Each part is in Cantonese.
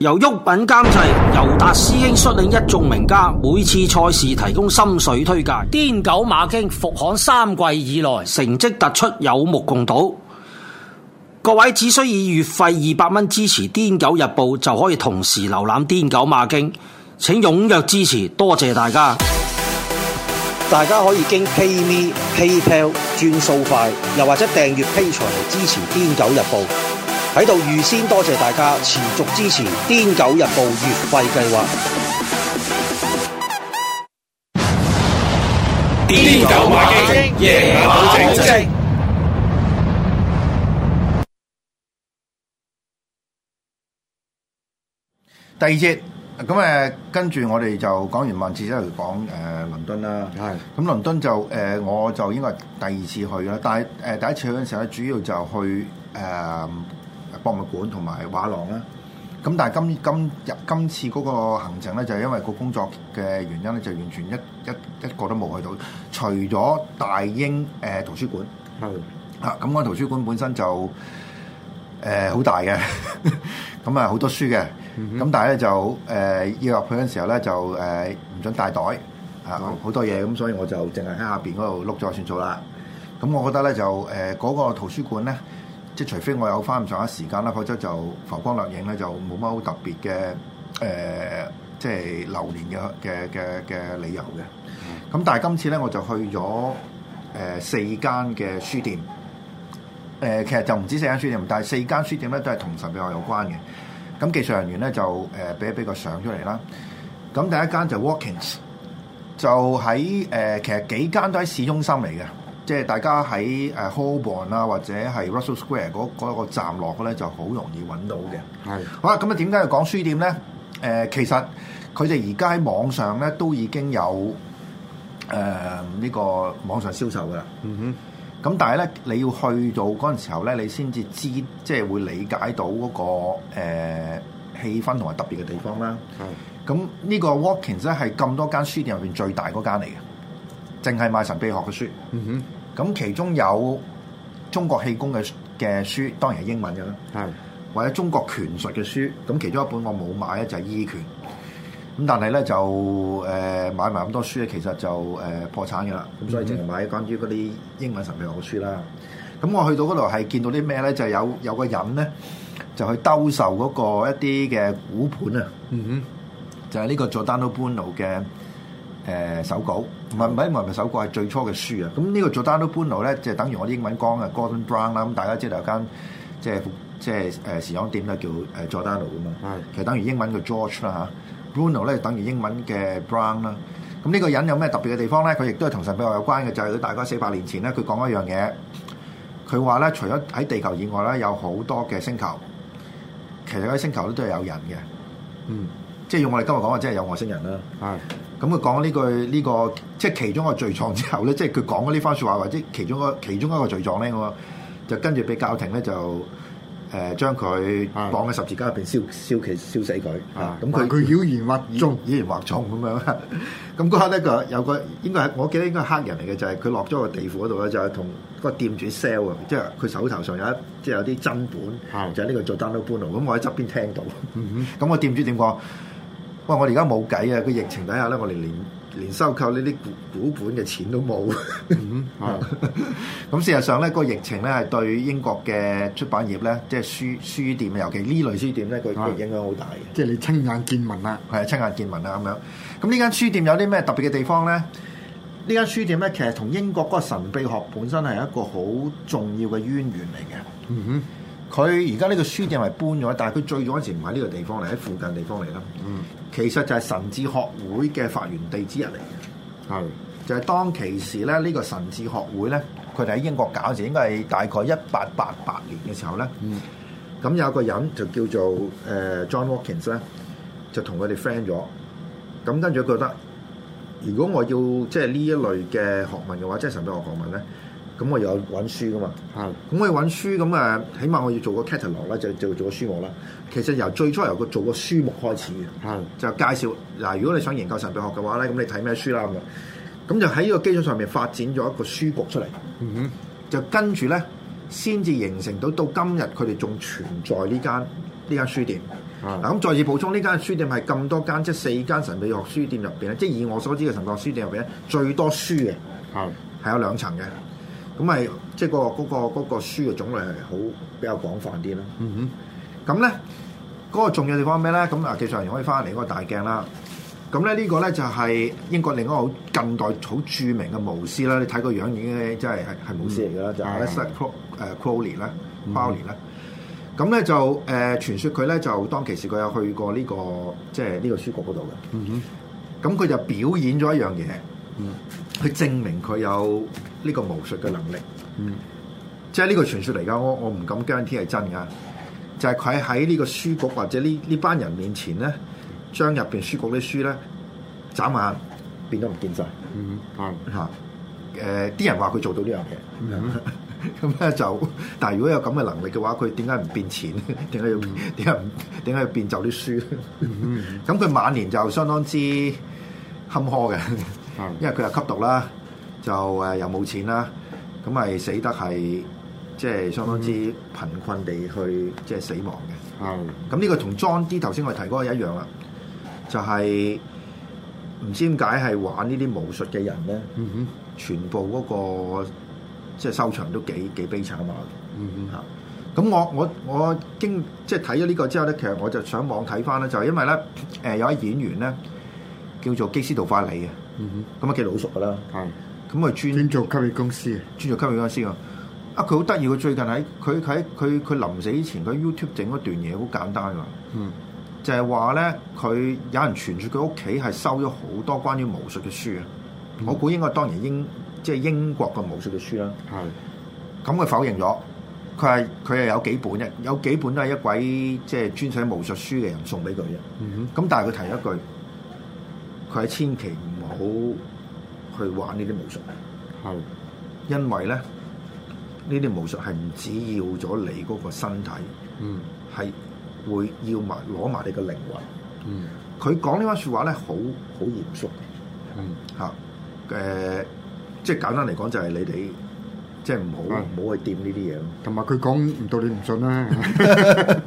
由沃品監製，由達師兄率領一眾名家，每次賽事提供心水推介。癲狗馬經復刊三季以來，成績突出，有目共睹。各位只需要以月費二百蚊支持癲狗日報，就可以同時瀏覽癲狗馬經，請踴躍支持，多謝大家。大家可以經 PayMe、PayPal 轉數快，又或者訂閱 Patreon 嚟支持癲狗日報。喺度預先多謝大家持續支持《癲狗日報月費計劃》。癲狗馬經第二節，咁誒，跟、呃、住我哋就講完曼徹斯特，講、呃、誒倫敦啦。係咁的，倫敦就誒、呃，我就應該係第二次去啦。但係誒、呃，第一次去嗰陣時咧，主要就去誒、呃博物館同埋畫廊啦，咁但係今今日今次嗰個行程咧，就因為個工作嘅原因咧，就完全一一一個都冇去到，除咗大英誒圖書館，係啊，咁個圖書館本身就誒好大嘅，咁啊好多書嘅，咁但係咧就誒要入去嗰陣時候咧就誒唔准帶袋啊好多嘢，咁所以我就淨係喺下邊嗰度碌咗算數啦。咁我覺得咧就誒嗰個圖書館咧。即係除非我有翻咁上下時間啦，否則就浮光掠影咧就冇乜好特別嘅誒、呃，即係流年嘅嘅嘅嘅理由嘅。咁但係今次咧我就去咗誒、呃、四間嘅書店。誒、呃、其實就唔止四間書店，但係四間書店咧都係同神秘學有關嘅。咁、嗯、技術人員咧就誒俾、呃、一俾個相出嚟啦。咁、嗯、第一間就 Walkings，就喺誒、呃、其實幾間都喺市中心嚟嘅。即係大家喺誒 Holborn 啊，或者係 Russell Square 嗰個站落咧，就好容易揾到嘅。係的好啦，咁啊點解要講書店咧？誒、呃，其實佢哋而家喺網上咧都已經有誒呢、呃這個網上銷售噶啦。嗯哼。咁但係咧，你要去到嗰陣時候咧，你先至知，即、就、係、是、會理解到嗰、那個誒、呃、氣氛同埋特別嘅地方啦。咁、嗯、哼呢個 Walking 咧係咁多間書店入邊最大嗰間嚟嘅，淨係賣神秘學嘅書。嗯哼。咁其中有中國氣功嘅嘅書，當然係英文嘅啦。係是的 或者中國拳術嘅書。咁其中一本我冇買咧，就係醫拳。咁但係咧就誒、呃、買埋咁多書咧，其實就誒、呃、破產嘅啦。咁所以淨係買關於嗰啲英文神秘學書啦。咁我去到嗰度係見到啲咩咧？就係、是、有有個人咧就去兜售嗰個一啲嘅股盤啊。嗯哼就，就係呢個 Giordano Bruno 嘅誒手稿。唔係唔係唔係首歌係最初嘅書啊！咁呢個佐丹奴 Bruno 咧，即係等於我啲英文講嘅 Gordon Brown 啦。咁大家知道有間即係即係誒、呃、時裝店咧，叫誒佐丹奴其實等於英文嘅 George 啦吓，Bruno 咧等於英文嘅 Brown 啦、啊。咁、嗯、呢、呢個人有咩特別嘅地方咧？佢亦都係同神秘學有關嘅，就係、是、佢大概四百年前咧，佢講一樣嘢。佢話咧，除咗喺地球以外咧，有好多嘅星球，其實嗰星球都都有人嘅。嗯。即係用我哋今日講話，即係有外星人啦。係咁佢講呢句呢個，即係其中一個罪狀之後咧，即係佢講咗呢番説話，或者其中個其中一個罪狀咧，就跟住俾教廷咧就誒將佢綁喺十字架入邊燒燒其燒死佢。咁佢妖言惑眾，妖言惑眾咁樣。咁嗰刻咧，有個應該係我記得應該係黑人嚟嘅，就係佢落咗個地庫嗰度咧，就係同個店主 sell 啊，即係佢手頭上有一即係有啲真本，就喺呢個做 Giordano Bruno。咁我喺側邊聽到，咁個店主點講？哇！我而家冇計啊！佢疫情底下咧，我哋連連收購呢啲股股本嘅錢都冇。咁、 嗯、 事實上咧，個疫情咧係對英國嘅出版業咧，即係書書店，尤其呢類書店咧，佢影響好大嘅。啊、即係你親眼見聞啦，係啊、嗯，親眼見聞啦咁樣。咁呢間書店有啲咩特別嘅地方咧？呢間書店咧，其實同英國嗰個神秘學本身係一個好重要嘅淵源嚟嘅。哼、嗯，佢而家呢個書店係搬咗，但係佢最早嗰陣時唔喺呢個地方嚟，喺附近地方嚟啦。嗯。其實就係神智學會嘅發源地之一嚟嘅是的，係就係當其時咧，呢個神智學會咧，佢哋喺英國搞就應該係大概一八八八年嘅時候咧，咁、嗯嗯、有個人就叫做誒、呃、John Watkins 咧，就同佢哋 friend 咗，咁、嗯嗯、跟住佢覺得如果我要即係呢一類嘅學問嘅話，即、就、係、是、神祕學學問咧。咁我又有揾書噶嘛？係。咁我要揾書咁誒，起碼我要做個 catalog 啦，就做做個書目啦。其實由最初由佢做個書目開始嘅，係是的 就介紹嗱、啊，如果你想研究神秘學嘅話咧，咁你睇咩書啦咁樣。咁就喺呢個基礎上面發展咗一個書局出嚟。嗯哼。就跟住咧，先至形成到到今日佢哋仲存在呢間呢間書店。嗱咁是的、啊、再次補充，呢間書店係咁多間即係四間神秘學書店入邊咧，即係以我所知嘅神秘學書店入邊咧，最多書嘅。係。係有兩層嘅。咁咪即係個嗰、那個嗰、那個、書嘅種類係好比較廣泛啲啦。嗯哼，咁咧嗰個重要地方咩咧？咁啊，技術人員可以翻嚟嗰個大鏡啦。咁咧呢個咧就係英國另一個好近代好著名嘅巫師啦。你睇個樣已經真係係係巫師嚟㗎啦，就 Aleister Crowley 啦，包年啦。咁咧、嗯、哼就誒、呃、傳說佢咧就當其時佢有去過呢、這個即係呢個書局嗰度嘅。咁佢、嗯、就表演咗一樣嘢，嗯，去證明佢有。呢個巫術嘅能力，嗯，即係呢個傳說嚟㗎。我我唔敢驚天係真㗎，就係佢喺呢個書局或者呢呢班人面前咧，將入邊書局啲書咧眨眼變咗唔見晒。嗯，係嚇、啊。啲、呃、人話佢做到呢樣嘢，咁咧就，嗯、 但係如果有咁嘅能力嘅話，佢點解唔變錢？點 解要點解點解要變就啲書？咁佢、嗯嗯、 晚年就相當之坎坷嘅， 因為佢係吸毒啦。就誒又冇錢啦，咁咪死得係即係相當之貧困地去即係、就是、死亡嘅。係、mm。咁、hmm. 呢個同莊啲頭先我提嗰個一樣啦，就係、是、唔知點解係玩呢啲武術嘅人咧，mm hmm. 全部嗰、那個即係、就是、收場都幾幾悲慘啊！嗯哼嚇。咁、hmm. 我我我經即係睇咗呢個之後咧，其實我就上網睇翻咧，就是、因為咧誒有啲演員咧叫做基斯道法里嘅，咁啊記得好熟噶啦。係、mm。Hmm. 咁啊，專做揭秘公司啊，專做揭秘公司啊！啊，佢好得意，佢最近喺佢喺佢佢臨死之前，佢 YouTube 整嗰段嘢好簡單㗎。嗯，就係話咧，佢有人傳出佢屋企係收咗好多關於巫術嘅書啊！嗯、我估應該當然英即係、就是、英國嘅巫術嘅書啦。係、嗯，咁佢否認咗，佢係佢係有幾本啫，有幾本都係一位即係專寫巫術書嘅人送俾佢嘅。咁、嗯、哼但係佢提一句，佢係千祈唔好。去玩呢啲武術，係，是的 因為咧呢啲武術係唔止要咗你嗰個身體，嗯，係會要埋攞埋你個靈魂，嗯，佢講呢番説話咧，好好嚴肅，嗯，嗯，嚇，誒，即係簡單嚟講就係你哋。即係唔好唔好去掂呢啲嘢，同埋佢講唔到你唔信啦。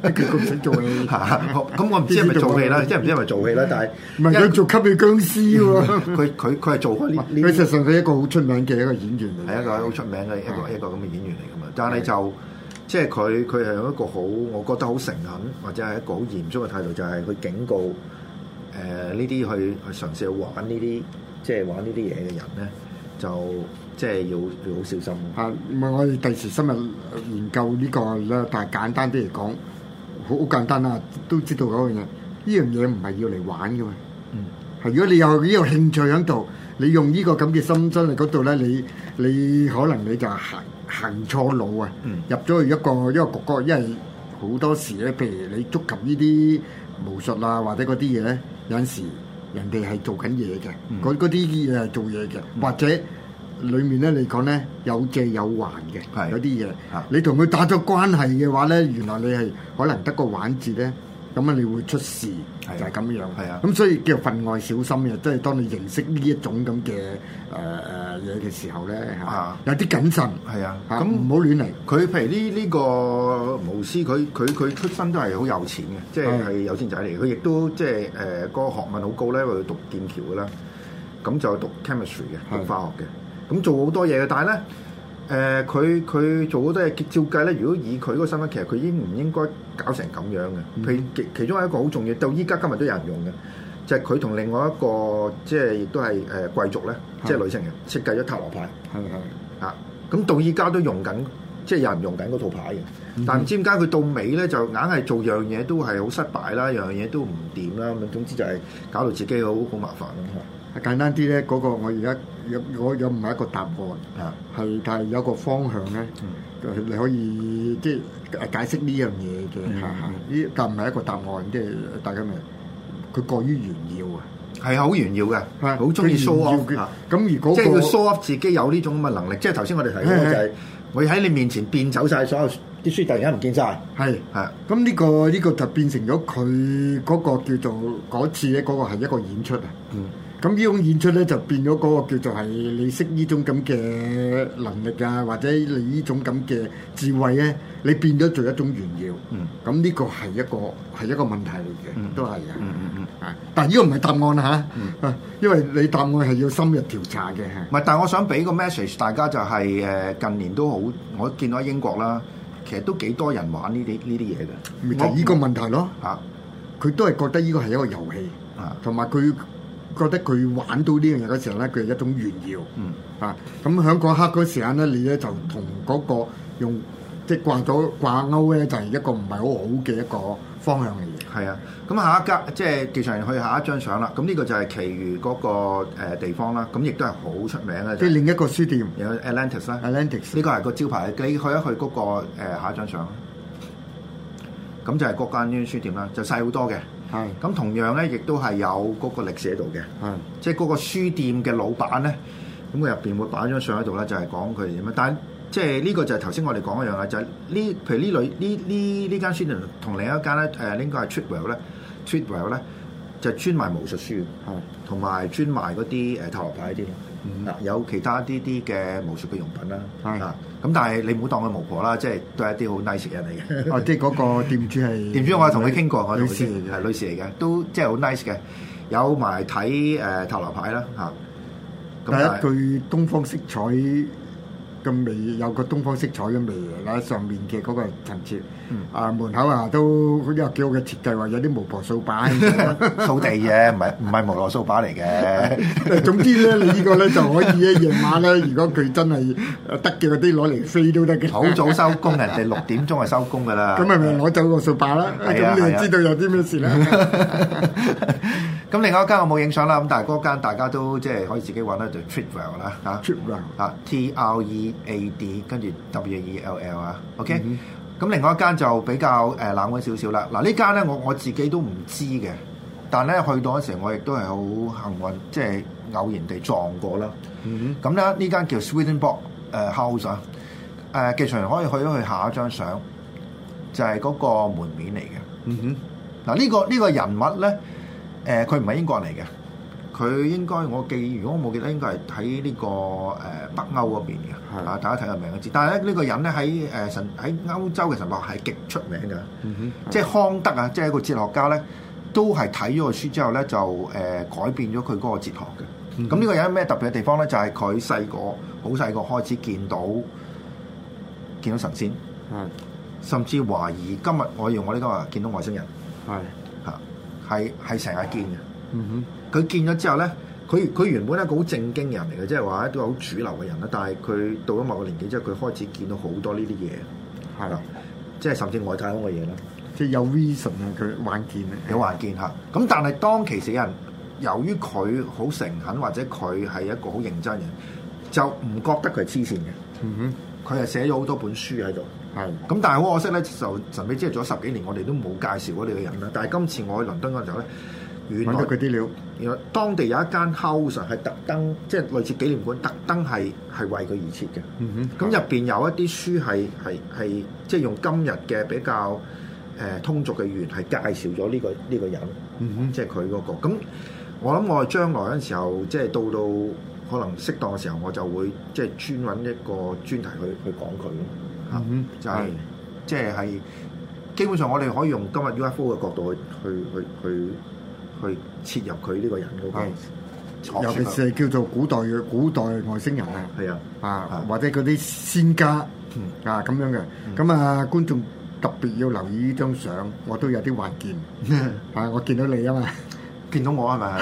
佢唔想做戲，咁我唔知係咪做戲啦，即係唔知係咪做戲啦。但係唔係佢做吸血僵屍喎。佢佢佢係做開呢，佢實際上係一個好出名嘅一個演員，係一個好出名嘅一個一個咁嘅演員嚟噶嘛。但係就即係佢佢係有一個好，我覺得好誠懇，或者係一個好嚴肅嘅態度，就係佢警告誒呢啲去去嘗試去玩呢啲即係玩呢啲嘢嘅人咧。就即係要要好小心。嚇、啊，唔係我哋第時深入研究呢個啦，但係簡單啲嚟講，好簡單啦，都知道嗰樣嘢。呢樣嘢唔係要嚟玩嘅嘛。嗯，係如果你有呢個興趣喺度，你用呢個咁嘅心身喺嗰度咧，你你可能你就行行錯路啊，入咗去一個一個局角，因為好多時咧，譬如你觸及呢啲巫術啊，或者嗰啲嘢咧，有時。人哋係做緊嘢嘅，嗰啲嘢係做嘢嘅，嗯、或者裏面咧你講咧有借有還嘅，嗰啲嘢，的你同佢打咗關係嘅話咧，原來你係可能得個玩字咧。咁啊，你會出事，就係咁樣。係啊，咁所以叫分外小心嘅，即係當你認識呢一種咁嘅誒誒嘢嘅時候咧，嚇有啲謹慎係啊，咁唔好亂嚟。佢譬如呢呢個巫師，佢佢佢出身都係好有錢嘅，即係係有錢仔嚟。佢亦都即係誒個學問好高咧，因為佢讀劍橋嘅啦，咁就讀 chemistry 嘅，讀化學嘅，咁做好多嘢嘅，但係咧。誒佢佢做好多嘢，照計咧，如果以佢嗰個身份，其實佢已應唔應該搞成咁樣嘅？佢、嗯、其、其中係一個好重要，到依家今日都有人用嘅，就係佢同另外一個即係亦都係誒貴族咧，的即係女性嘅設計咗塔羅牌，係啊係啊，嚇！咁到依家都用緊，即係有人用緊嗰套牌嘅。嗯嗯但唔知點解佢到尾咧就硬係做樣嘢都係好失敗啦，樣樣嘢都唔掂啦。咁樣總之就係搞到自己好好麻煩。係、嗯、簡單啲咧，嗰、嗰個我而家。有我有唔係一個答案啊，係但係有一個方向咧，就你可以即係解釋呢樣嘢嘅嚇嚇，呢但唔係一個答案，即係大家明佢過於炫耀啊，係啊，好炫耀嘅，係好中意 show off 嘅，咁如果即係佢 show off 自己有呢種咁嘅能力，即係頭先我哋提過就係我喺你面前變走曬所有啲書，突然間唔見曬，係係，咁呢個呢個就變成咗佢嗰個叫做嗰次咧，嗰個係一個演出啊。咁呢種演出咧，就變咗嗰個叫做係你識呢種咁嘅能力啊，或者你呢種咁嘅智慧咧，你變咗做一種炫耀。咁呢、嗯、個係一個係一個問題嚟嘅，都係啊。嗯嗯嗯嗯嗯、但係呢個唔係答案啦、嗯、因為你答案係要深入調查嘅。唔係，但係我想俾個 message 大家就係誒近年都好，我見到喺英國啦，其實都幾多人玩呢啲呢啲嘢嘅。咪呢個問題咯，哦嗯、啊，佢都係覺得呢個係一個遊戲啊，同埋佢。覺得佢玩到呢樣嘢嘅時候咧，佢係一種炫耀。嗯。啊，咁喺嗰刻嗰時間咧，你咧就同嗰個用即係掛到掛鈎咧，就係一個唔係好好嘅一個方向嚟嘅、嗯。係啊，咁下一間即係地上去下一張相啦。咁呢個就係其餘嗰、嗰個、呃、地方啦。咁亦都係好出名咧。即係另一個書店。有 Atlantis 啦。Atlantis。呢個係個招牌。你去一去嗰、嗰個、呃、下一張相。咁就係嗰間呢間書店啦，就細好多嘅。係，咁同樣咧，亦都係有嗰個歷史喺度嘅。係，是的 即係嗰個書店嘅老闆咧，咁佢入邊會擺張相喺度咧，就係、是、講佢點樣。但係即係呢個就係頭先我哋講一樣啦，就係、是、呢，譬如呢類呢呢呢間書店同另一間咧，誒應該係 Treadwell 咧 Treadwell 咧就專賣巫術書，係，同埋專賣嗰啲誒塔羅牌啲。呃唔啊、嗯，有其他啲啲嘅巫術嘅用品啦，嚇咁是、啊、但係你唔好當佢巫婆啦，即係都係一啲好 nice 嘅人嚟嘅。哦、啊，即係嗰個店主係店主我，我同佢傾過，我女士係女士嚟嘅，都即係好 nice 嘅，有埋睇誒塔羅牌啦，咁、啊嗯、但第一句東方色彩。咁未有個東方色彩嘅味喺上面嘅嗰個層次，嗯、啊門口啊都都有幾好嘅設計，話有啲巫婆掃把草地嘅，唔係唔係無螺掃把嚟嘅。總之咧，你個呢個咧就可以夜 晚咧，如果佢真係得嘅嗰啲攞嚟飛都得嘅。好早收工， 人哋六點鐘就收工噶啦。咁係咪攞走個掃把啦？咁你知道有啲咩事啦。咁另外一間我冇影相啦，咁但係嗰間大家都即係可以自己揾咧，就 treat well 啦嚇，treat well 啊，啊，t r e a d 跟住 w e l l 啊，OK，咁、嗯、哼另外一間就比較誒冷門少少啦。嗱呢間咧我我自己都唔知嘅，但咧去到嗰時候我亦都係好幸運，即、就、係、是、偶然地撞過啦。咁咧、嗯、哼呢間叫 Swedenborg 誒 House 啊，誒技術員可以去一去下一張相，就係、是、嗰個門面嚟嘅。嗱、嗯、呢、這個呢、這個人物咧。呢誒，佢唔係英國人嚟嘅，佢應該我記，如果我冇記得，應該係喺呢個誒、呃、北歐嗰邊嘅。係啊的，大家睇下名字。但係咧，呢、這個人咧喺誒神喺歐洲嘅神話係極出名嘅、嗯。即係康德啊，即係一個哲學家咧，都係睇咗個書之後咧就誒、呃、改變咗佢嗰個哲學嘅。咁呢、嗯、哼個人有咩特別嘅地方咧？就係佢細個好細個開始見到見到神仙，嗯、甚至懷疑今，以今日我用我呢個見到外星人，係。係係成日見嘅，嗯哼，佢見咗之後咧，佢佢原本係一個好正經嘅人嚟嘅，即係話都係好主流嘅人啦。但係佢到咗某個年紀之後，佢開始見到好多呢啲嘢，係啦的，即係甚至外太空嘅嘢啦，即係有 vision 啊，佢幻的見啊，有幻見吓。咁但係當其時人，由於佢好誠懇或者佢係一個好認真嘅，就唔覺得佢係黐線嘅。嗯哼，佢係寫咗好多本書喺度。係，咁但係我認識咧就神秘之夜做咗十幾年，我哋都冇介紹過呢個人啦。但係今次我去倫敦嗰陣咧，原來佢啲料，原來當地有一間 house 係特登，即係類似紀念館，特登係係為佢而設嘅。咁入邊有一啲書係係係即係用今日嘅比較誒通俗嘅語言係介紹咗呢個呢個人。即係佢嗰個。咁我諗我係將來嗰陣時候，即係到到可能適當嘅時候，我就會即係專揾一個專題去去講佢。啊、嗯就是，就係即係基本上，我哋可以用今日 UFO 嘅角度去去去去去切入佢呢個人、嗯 Okay?，尤其是叫做古代嘅古代外星人啊，係啊啊,啊或者嗰啲仙家啊咁樣嘅，咁、嗯、啊觀眾特別要留意呢張相，我都有啲懷見 啊，我見到你啊嘛。見到我係咪？係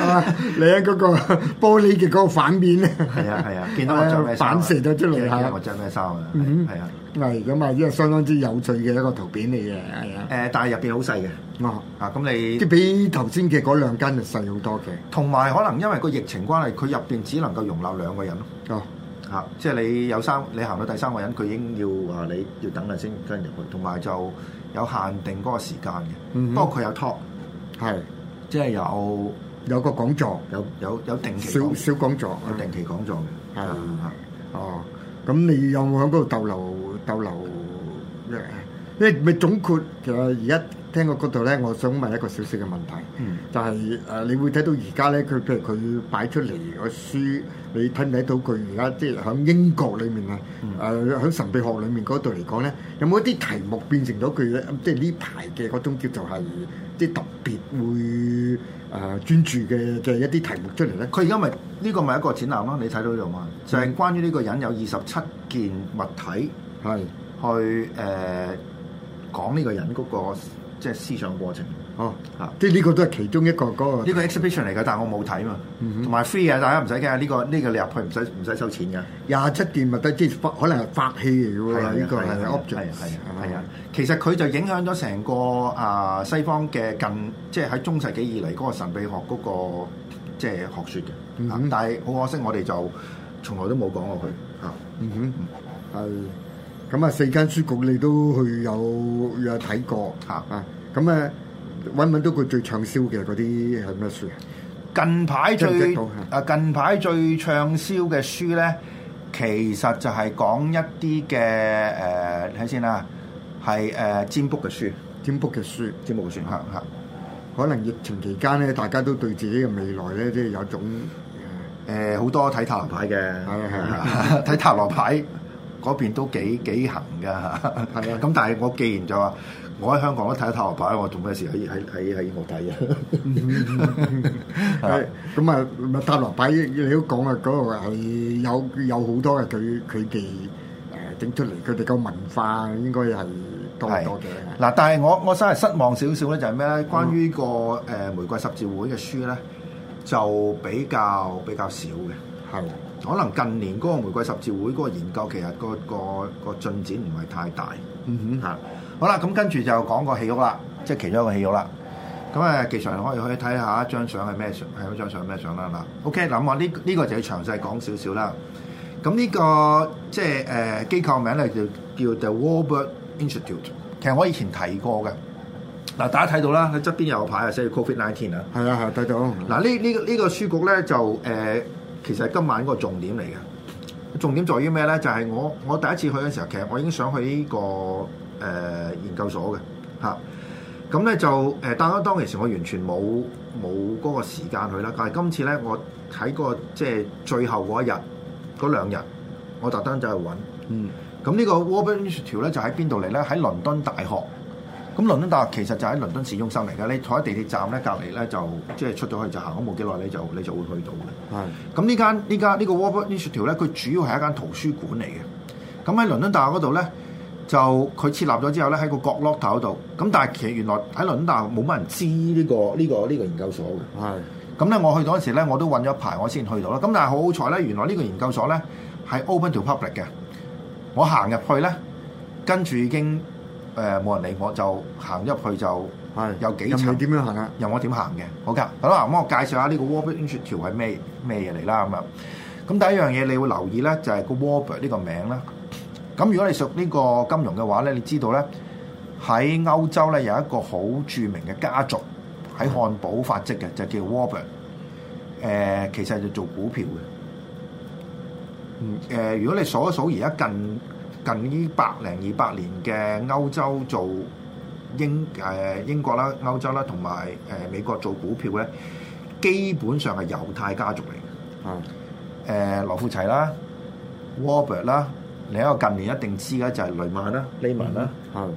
啊，你喺嗰個玻璃嘅嗰個反面咧，係啊係啊，見到我反射咗出嚟嚇，我著咩衫啊？係啊，係咁啊，呢個相當之有趣嘅一個圖片嚟嘅，係啊。誒，但係入邊好細嘅。哦，啊咁你即比頭先嘅嗰兩間就細好多嘅，同埋可能因為個疫情關係，佢入邊只能夠容納兩個人咯。啊！即係你有三，你行到第三個人，佢已經要話、啊、你要等下先跟入去，同埋就有限定嗰個時間嘅。不過佢有 talk，即係有有個講座，有有有定期少少講座，有定期講座嘅。係哦，咁、嗯、你有冇喺嗰度逗留？逗留咩？呢、yeah, 咪總括其實而家。聽過嗰度咧，我想問一個小小嘅問題，嗯、就係誒，你會睇到而家咧，佢譬如佢擺出嚟個書，你睇唔睇到佢而家即係喺英國裏面啊？誒、嗯，喺、呃、神秘學裏面嗰度嚟講咧，有冇一啲題目變成到佢咧？即係呢排嘅嗰種叫做係啲特別會誒、呃、專注嘅嘅一啲題目出嚟咧？佢而家咪呢個咪一個展覽咯，啊？你睇到就話就係關於呢個人有二十七件物體係去誒、嗯嗯呃、講呢個人嗰、那個。即係思想過程，哦，嚇，即係呢個都係其中一個嗰個呢個 exhibition 嚟㗎，但係我冇睇嘛，同埋 free 啊，大家唔使驚啊，呢個呢個你入去唔使唔使收錢㗎。廿七段咪質即可能法器嚟㗎喎，呢個係 object 係啊，係啊，其實佢就影響咗成個啊西方嘅近，即係喺中世紀以嚟嗰個神秘學嗰個即係學説嘅，咁但係好可惜我哋就從來都冇講過佢嚇，嗯哼，係。咁啊，四間書局你都去有有睇過嚇啊？咁啊，揾揾到個最暢銷嘅嗰啲係咩書？近排最啊，知知近排最暢銷嘅書咧，其實就係講一啲嘅誒，睇、呃、先啦，係誒占卜嘅書，占卜嘅書，占卜算命嚇。可能疫情期間咧，大家都對自己嘅未來咧，即係有種誒好多睇塔羅牌嘅，係係睇塔羅牌。 嗰邊都幾幾行噶嚇，係啊！咁但係我既然就話，我喺香港都睇塔羅牌，我做咩事可以喺喺喺喺英國睇啊？咁啊，塔羅牌你都講啊，嗰度係有有好多嘅，佢佢哋誒整出嚟，佢哋個文化應該係多多嘅。嗱，但係我我真係失望少少咧，就係咩咧？關於個誒玫瑰十字會嘅書咧，就比較比較少嘅，係。可能近年嗰個玫瑰十字會嗰個研究其實個個個進展唔係太大，mm，嗯哼嚇。好啦，咁跟住就講個戲屋啦，即係其中一個戲屋啦。咁誒、啊，其實我哋可以可以睇下一張相係咩相？係嗰張相咩相啦？嗱、啊、，OK，諗下呢呢個就要詳細講少少啦。咁呢、這個即係誒機構名咧就叫，叫，叫 The Warburg Institute。其實我以前提過嘅嗱、啊，大家睇到啦，佢側邊有個牌寫住 Covid Nineteen 啊，係啊係睇到。嗱呢呢呢個書局咧就誒。呃其實係今晚嗰個重點嚟嘅，重點在於咩咧？就係、是、我我第一次去嗰陣時候，其實我已經想去呢、這個誒、呃、研究所嘅，嚇、啊。咁咧就誒、呃，但係當其時我完全冇冇嗰個時間去啦。但係今次咧，我喺、那個即係、就是、最後嗰一日嗰兩日，我特登走去揾。嗯。咁、嗯、呢個 Warburg Institute 咧就喺邊度嚟咧？喺倫敦大學。咁倫敦大學其實就喺倫敦市中心嚟㗎，你坐喺地鐵站咧隔籬咧就即係、就是、出咗去就行，冇幾耐你就你就會去到嘅。係是的。咁、這個、呢間呢間呢個 Warburg Institute 咧，佢主要係一間圖書館嚟嘅。咁喺倫敦大學嗰度咧，就佢設立咗之後咧喺個角落頭度。咁但係其實原來喺倫敦大學冇乜人知呢、這個呢、這個呢、這個研究所嘅。係。咁咧我去嗰陣時咧，我都揾咗排我先去到啦。咁但係好好彩咧，原來呢個研究所咧係 open to public 嘅。我行入去咧，跟住已經。誒冇人理我，就行入去就係有幾層，任我點樣行啊，任我點行嘅，好噶。好啦，咁我介紹下呢個 Warburg Institute 條係咩咩嘢嚟啦咁樣。咁第一樣嘢，你會留意咧，就係個 Warburg 呢個名啦。咁如果你屬呢個金融嘅話咧，你知道咧喺歐洲咧有一個好著名嘅家族喺漢堡發跡嘅，就叫 Warburg。誒，其實就做股票嘅。嗯，誒，如果你數一數而家近。近呢百零二百年嘅歐洲做英誒、呃、英國啦、歐洲啦，同埋誒美國做股票咧，基本上係猶太家族嚟嘅。嗯。誒、呃、羅富齊啦，Warburg 啦，另一個近年一定知嘅就係雷曼啦，雷曼啦。嗯。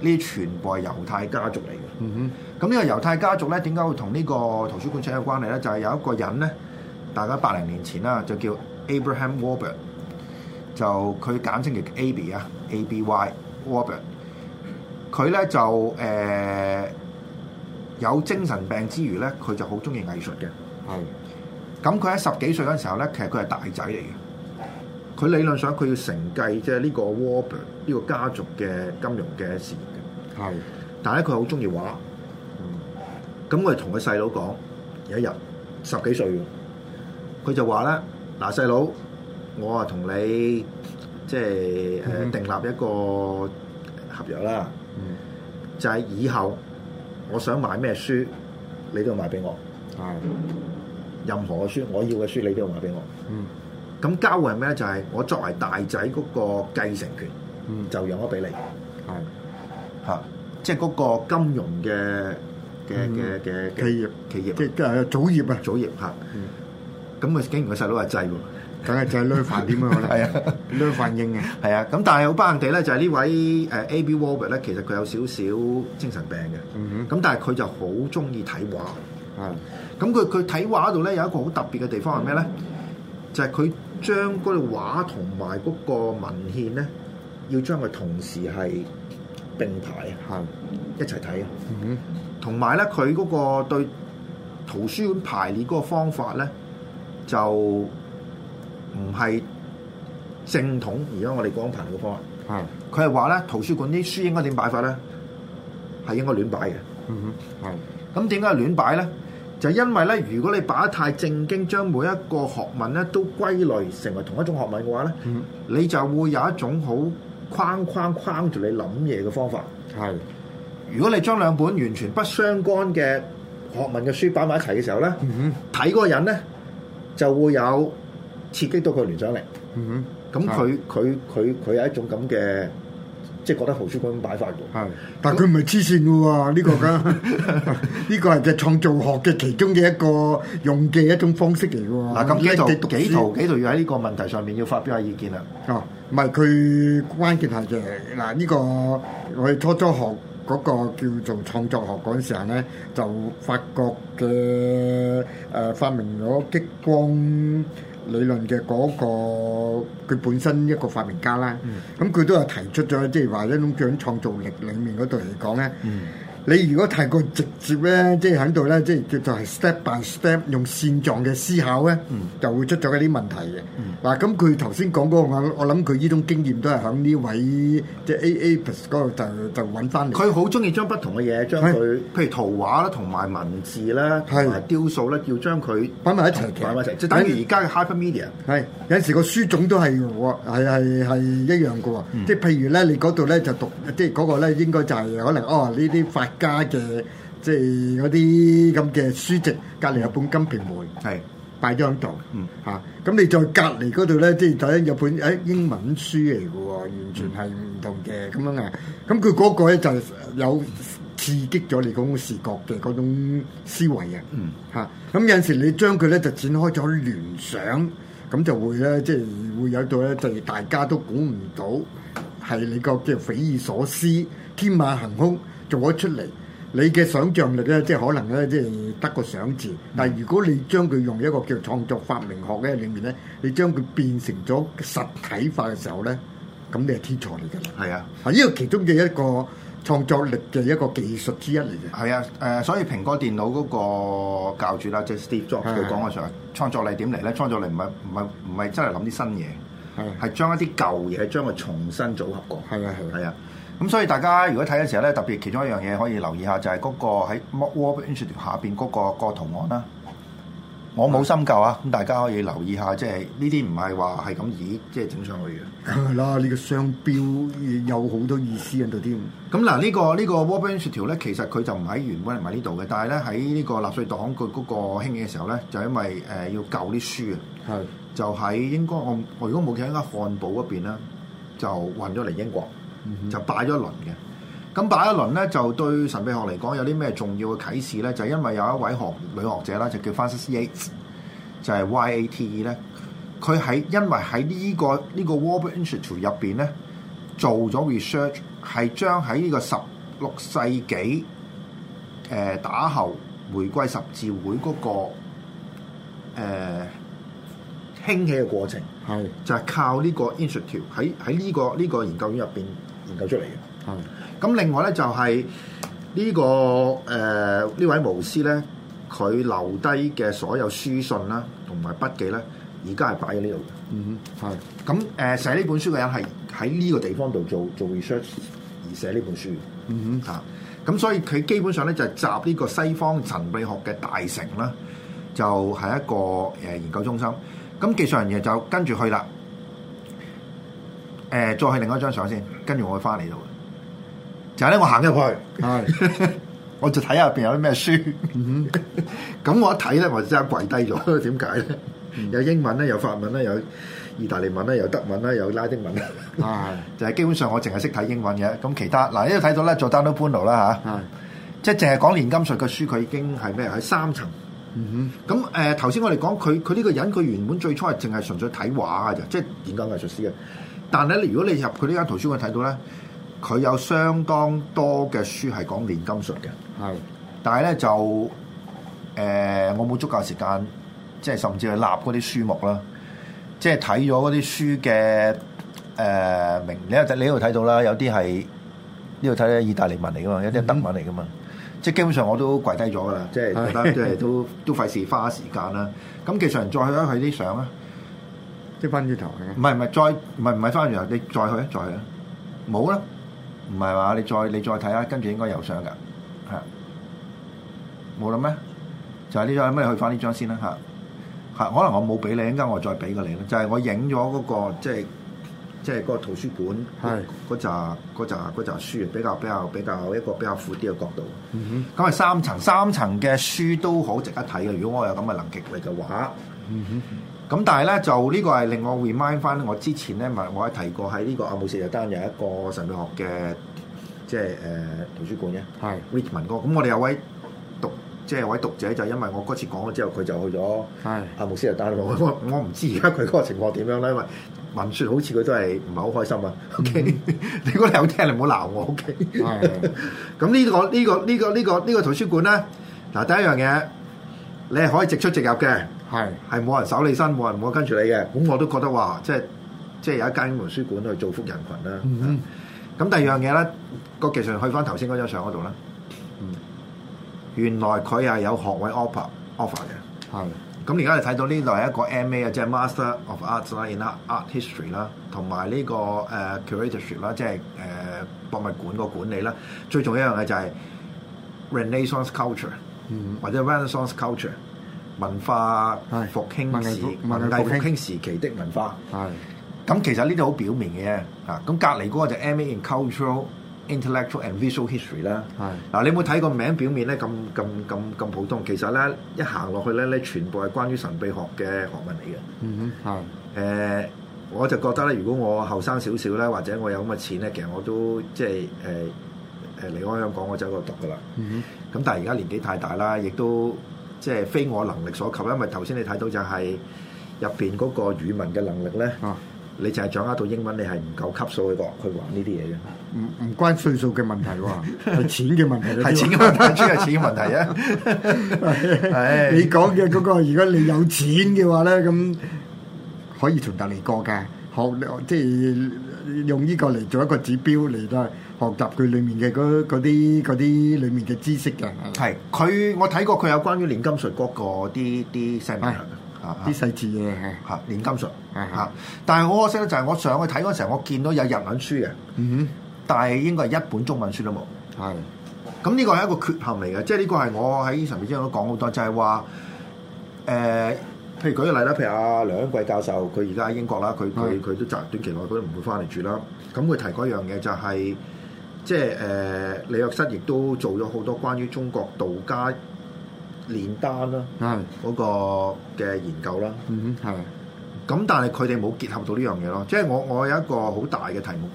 呢啲全部係猶太家族嚟嘅。嗯哼。咁、嗯、呢、嗯嗯嗯這個猶太家族咧，點解會同呢個圖書館車有關係咧？就係、是、有一個人咧，大概百零年前啦，就叫 Abraham Warburg。就佢簡稱其 Aby 啊，Aby Warburg。佢咧就誒、呃、有精神病之餘咧，佢就好中意藝術嘅。係的。咁佢喺十幾歲嗰陣時候咧，其實佢係大仔嚟嘅。佢的理論上佢要承繼即係呢個 Warburg 呢個家族嘅金融嘅事業嘅。係的。但係咧，佢好中意畫。嗯。咁我哋同佢細佬講，有一日十幾歲，佢就話咧，嗱細佬。我啊同你即係誒訂立一個合約啦，嗯、就係以後我想買咩書，你都要買俾我。係、嗯，任何嘅書，我要嘅書，你都要買俾我。嗯，咁交換咩咧？就係、是、我作為大仔嗰個繼承權，嗯、就讓咗俾你。係、嗯，嚇是，即係嗰個金融嘅嘅嘅嘅企業企業即係祖業啊祖業嚇。咁佢、嗯嗯嗯、竟然個細佬啊制喎。梗係就係亂反啲乜可能？係啊 的，亂反型嘅。係啊， 咁但係好不幸地咧，就係、是、呢位誒 Aby Warburg 咧，其實佢有少少精神病嘅。咁、mm hmm. 但係佢就好中意睇畫。嗯、mm。咁佢佢睇畫度咧有一個好特別嘅地方係咩咧？Mm hmm. 就係佢將嗰啲畫同埋嗰個文獻咧，要將佢同時係並排行、mm hmm. 一齊睇。嗯同埋咧，佢、hmm. 嗰個對圖書館排列嗰個方法咧，就。唔係正統，而家我哋光憑嘅方法。係佢係話咧，圖書館啲書應該點擺法咧？係應該亂擺嘅。嗯哼、mm，係。咁點解亂擺咧？就因為咧，如果你擺得太正經，將每一個學問咧都歸類成為同一種學問嘅話咧，mm hmm. 你就會有一種好框框框住你諗嘢嘅方法。係、mm。Hmm. 如果你將兩本完全不相關嘅學問嘅書擺埋一齊嘅時候咧，睇嗰、mm hmm. 個人咧就會有。刺激到佢聯想力，咁佢佢佢佢係一種咁嘅，即係覺得豪書館咁擺法嘅。的那但係佢唔係黐線嘅喎，呢、這個嘅、啊、呢 個係嘅創造學嘅其中嘅一個用嘅一種方式嚟嘅喎。嗱，咁紀陶紀陶紀，陶紀陶要喺呢個問題上面要發表下意見啦。哦、啊，唔係，佢關鍵係就係嗱，呢個我哋初初學嗰個叫做創造學嗰陣時候咧，就發覺嘅誒、呃呃、發明咗激光。理論嘅嗰、那個那個佢本身一個發明家啦，咁佢、嗯、都係提出咗，即係話一種創造力裡面嗰度嚟講咧。嗯你如果太過直接咧，即係喺度咧，即係叫做係 step by step 用線狀嘅思考咧，就會出咗一啲問題嘅。嗱，咁佢頭先講個個我，我諗佢呢種經驗都係響呢位即係 A A PUS 度就就揾翻。佢好中意將不同嘅嘢將佢，譬如圖畫啦，同埋文字啦，同埋雕塑咧要將佢擺埋一齊，擺埋一齊，即係等於而家嘅 hypermedia。係有陣時個書種都係係係係一樣嘅喎，即係譬如咧，你嗰度咧就讀，即係嗰個咧應該就係可能哦呢啲塊。家嘅即係嗰啲咁嘅書籍，隔離有本《金瓶梅》是，係擺咗喺度。嗯，嚇、啊，咁你在隔離嗰度咧，即係睇有本誒、哎、英文書嚟嘅喎，完全係唔同嘅咁樣啊。咁佢嗰個咧就是、有刺激咗你嗰種視覺嘅嗰種思維嘅、啊。嗯，嚇、啊，咁有陣時你將佢咧就展開咗聯想，咁就會咧即係會有到咧，就係大家都估唔到，係你個叫匪夷所思、天馬行空。做咗出嚟，你嘅想像力咧，即係可能咧，即係得個想字。但係如果你將佢用一個叫創作發明學嘅裡面咧，你將佢變成咗實體化嘅時候咧，咁你係天才嚟嘅。係啊，啊呢個其中嘅一個創作力嘅一個技術之一嚟嘅。係啊，誒，所以蘋果電腦嗰個教主喇，即係 Steve Jobs 佢講嘅時候，創作力點嚟咧？創作力唔係唔係唔係真係諗啲新嘢，係係將一啲舊嘢將佢重新組合過。係啊係啊。咁、嗯、所以大家如果睇嘅時候咧，特別其中一樣嘢可以留意下，就下、那個，就係嗰個喺 Warburton 下邊嗰個個圖案啦、啊。我冇深究啊，咁大家可以留意下，即係呢啲唔係話係咁易即係整上去嘅。嗱、啊，呢、這個商標有好多意思喺度添。咁嗱、嗯，啊這個這個、War 呢個呢個 Warburton 雪條咧，其實佢就唔喺原本唔係呢度嘅，但係咧喺呢個納稅黨佢嗰個興起嘅時候咧，就因為誒、呃、要救啲書啊的，就喺英國。我我如果冇記錯，喺間漢堡嗰邊啦，就運咗嚟英國。Mm hmm. 就擺咗一輪嘅，咁擺一輪咧就對神秘學嚟講有啲咩重要嘅啟示咧？就係、因為有一位學女學者啦，就叫 Francis Yates，就係 Yate 咧，佢喺因為喺呢、這個呢、這個 Warburg Institute 入邊咧做咗 research，係將喺呢個十六世紀誒、呃、打後回歸十字會嗰、那個誒、呃、興起嘅過程，係是就係靠呢個 institute 喺喺呢、這個呢、這個研究院入邊。研究出嚟嘅，咁另外咧就係、這個呃、呢個誒呢位巫師咧，佢留低嘅所有書信啦，同埋筆記咧，而家係擺喺呢度嘅。嗯哼，係、嗯。咁誒是寫呢本書嘅人係喺呢個地方度做做 research 而寫呢本書。嗯哼，嚇、嗯哼。咁所以佢基本上咧就集呢個西方神秘學嘅大成啦，就係、是、一個誒研究中心。咁技術人員就跟住去啦。誒、呃，再去另外一張相先，跟住我翻嚟度。就係、是、咧，我行入去，係， 我就睇下入邊有啲咩書。咁我一睇咧，我就即刻跪低咗。點解咧？有英文咧，有法文啦，有意大利文啦，有德文啦，有拉丁文。係、 啊， 就係基本上我淨係識睇英文嘅。咁其他嗱，依度睇到咧，做 Giordano Bruno 啦、啊、吓，是的 即係淨係講鍊金術嘅書，佢已經係咩？喺三層。嗯哼、啊，咁誒，頭先我哋講佢，佢呢個人，佢原本最初係淨係純粹睇畫嘅，即係研究藝術師嘅。但係咧，如果你入佢呢間圖書館睇到咧，佢有相當多嘅書係講煉金術嘅。係是的，但係咧就誒、呃，我冇足夠時間，即係甚至去立嗰啲書目啦，即係睇咗嗰啲書嘅誒名。你喺你喺度睇到啦，有啲係呢度睇咧，到意大利文嚟噶嘛，有啲係德文嚟噶嘛。嗯、即係基本上我都跪低咗噶啦，即係覺得都 都費事花時間啦。咁其實人再去咗佢啲相咧。即翻轉頭嘅，唔係唔係再唔係唔係翻轉頭，你再去啊再去啊，冇啦，唔係話你再你再睇下，跟住應該有相噶，係冇啦咩？就係呢張咩？你去翻呢張先啦，嚇！嚇，可能我冇俾你，應該我再俾過你啦。就係、是、我影咗嗰個即係即係嗰個圖書館，嗰扎扎扎書，比較比較比較一個比較闊啲嘅角度。嗯、哼，咁係三層三層嘅書都好值得睇嘅。如果我有咁嘅能極力嘅話，嗯、哼。咁但係咧就呢個係令我 remind 翻我之前咧問我係提過喺呢個阿姆斯特丹有一個神秘學嘅即係誒圖書館嘅係 Ritman 嗰個咁我哋有位讀即係有位讀者就因為我嗰次講咗之後佢就去咗係阿姆斯特丹嗰個我唔知而家佢嗰個情況點樣咧因為聞説好似佢都係唔係好開心啊 OK 你如果想聽你唔好鬧我 OK 咁呢個呢個呢個呢個呢個圖書館咧嗱第一樣嘢你係可以直出直入嘅。係係冇人守你身，冇人冇跟住你嘅，咁我都覺得話即係即係有一間圖書館去造福人群啦。咁、mm hmm. 第二樣嘢咧，個其實去翻頭先嗰張相嗰度啦。Mm hmm. 原來佢係有學位 off、er, offer offer 嘅。係咁而家你睇到呢度係一個 M A 啊，即係 Master of Arts 啦，In Art, Art History 啦、這個，同埋呢、uh, 個誒 Curatorship 啦，即係誒博物館個管理啦。最重要一樣嘢就係 Renaissance Culture、mm hmm. 或者 Renaissance Culture。文化復興時，文藝復興，文藝復興時期的文化。係咁的，其實呢度好表面嘅啊。咁隔離嗰個就 MA in Cultural, Intellectual and Visual History 啦的。係嗱，你有冇睇個名表面咧，咁咁咁咁普通。其實咧，一行落去咧，咧全部係關於神秘學嘅學問嚟嘅。嗯哼，係。誒、呃，我就覺得咧，如果我後生少少咧，或者我有咁嘅錢咧，其實我都即係誒誒離開香港，我就走去讀㗎啦。嗯、哼。咁但係而家年紀太大啦，亦都。即係非我能力所及，因為頭先你睇到就係入邊嗰個語文嘅能力咧，啊、你就係掌握到英文，你係唔夠級數去個佢玩呢啲嘢嘅，唔唔關歲數嘅問題喎，係錢嘅問題。係錢嘅問題，出係錢嘅問題啊！係你講嘅嗰個，如果你有錢嘅話咧，咁可以從頭嚟過嘅，學即係用呢個嚟做一個指標嚟到。你都學習佢裡面嘅嗰啲嗰啲裡面嘅知識嘅，係佢我睇過佢有關於煉金術嗰、那個啲啲細碼啲細字嘅嚇煉金術嚇，啊啊、但係好可惜咧，就係我上去睇嗰陣時候，我見到有日文書嘅，嗯、哼但係應該係一本中文書都冇。係咁呢個係一個缺陷嚟嘅，即係呢個係我喺上邊經常都講好多，就係話誒，譬如舉個例啦，譬如阿梁貴教授，佢而家喺英國啦，佢佢佢都暫短期內內都唔會翻嚟住啦。咁佢提嗰樣嘢就係、是。即係誒、呃、李約瑟亦都做咗好多關於中國道家煉丹啦，嗰個嘅研究啦，係啊的，咁、嗯、但係佢哋冇結合到呢樣嘢咯。即係我我有一個好大嘅題目，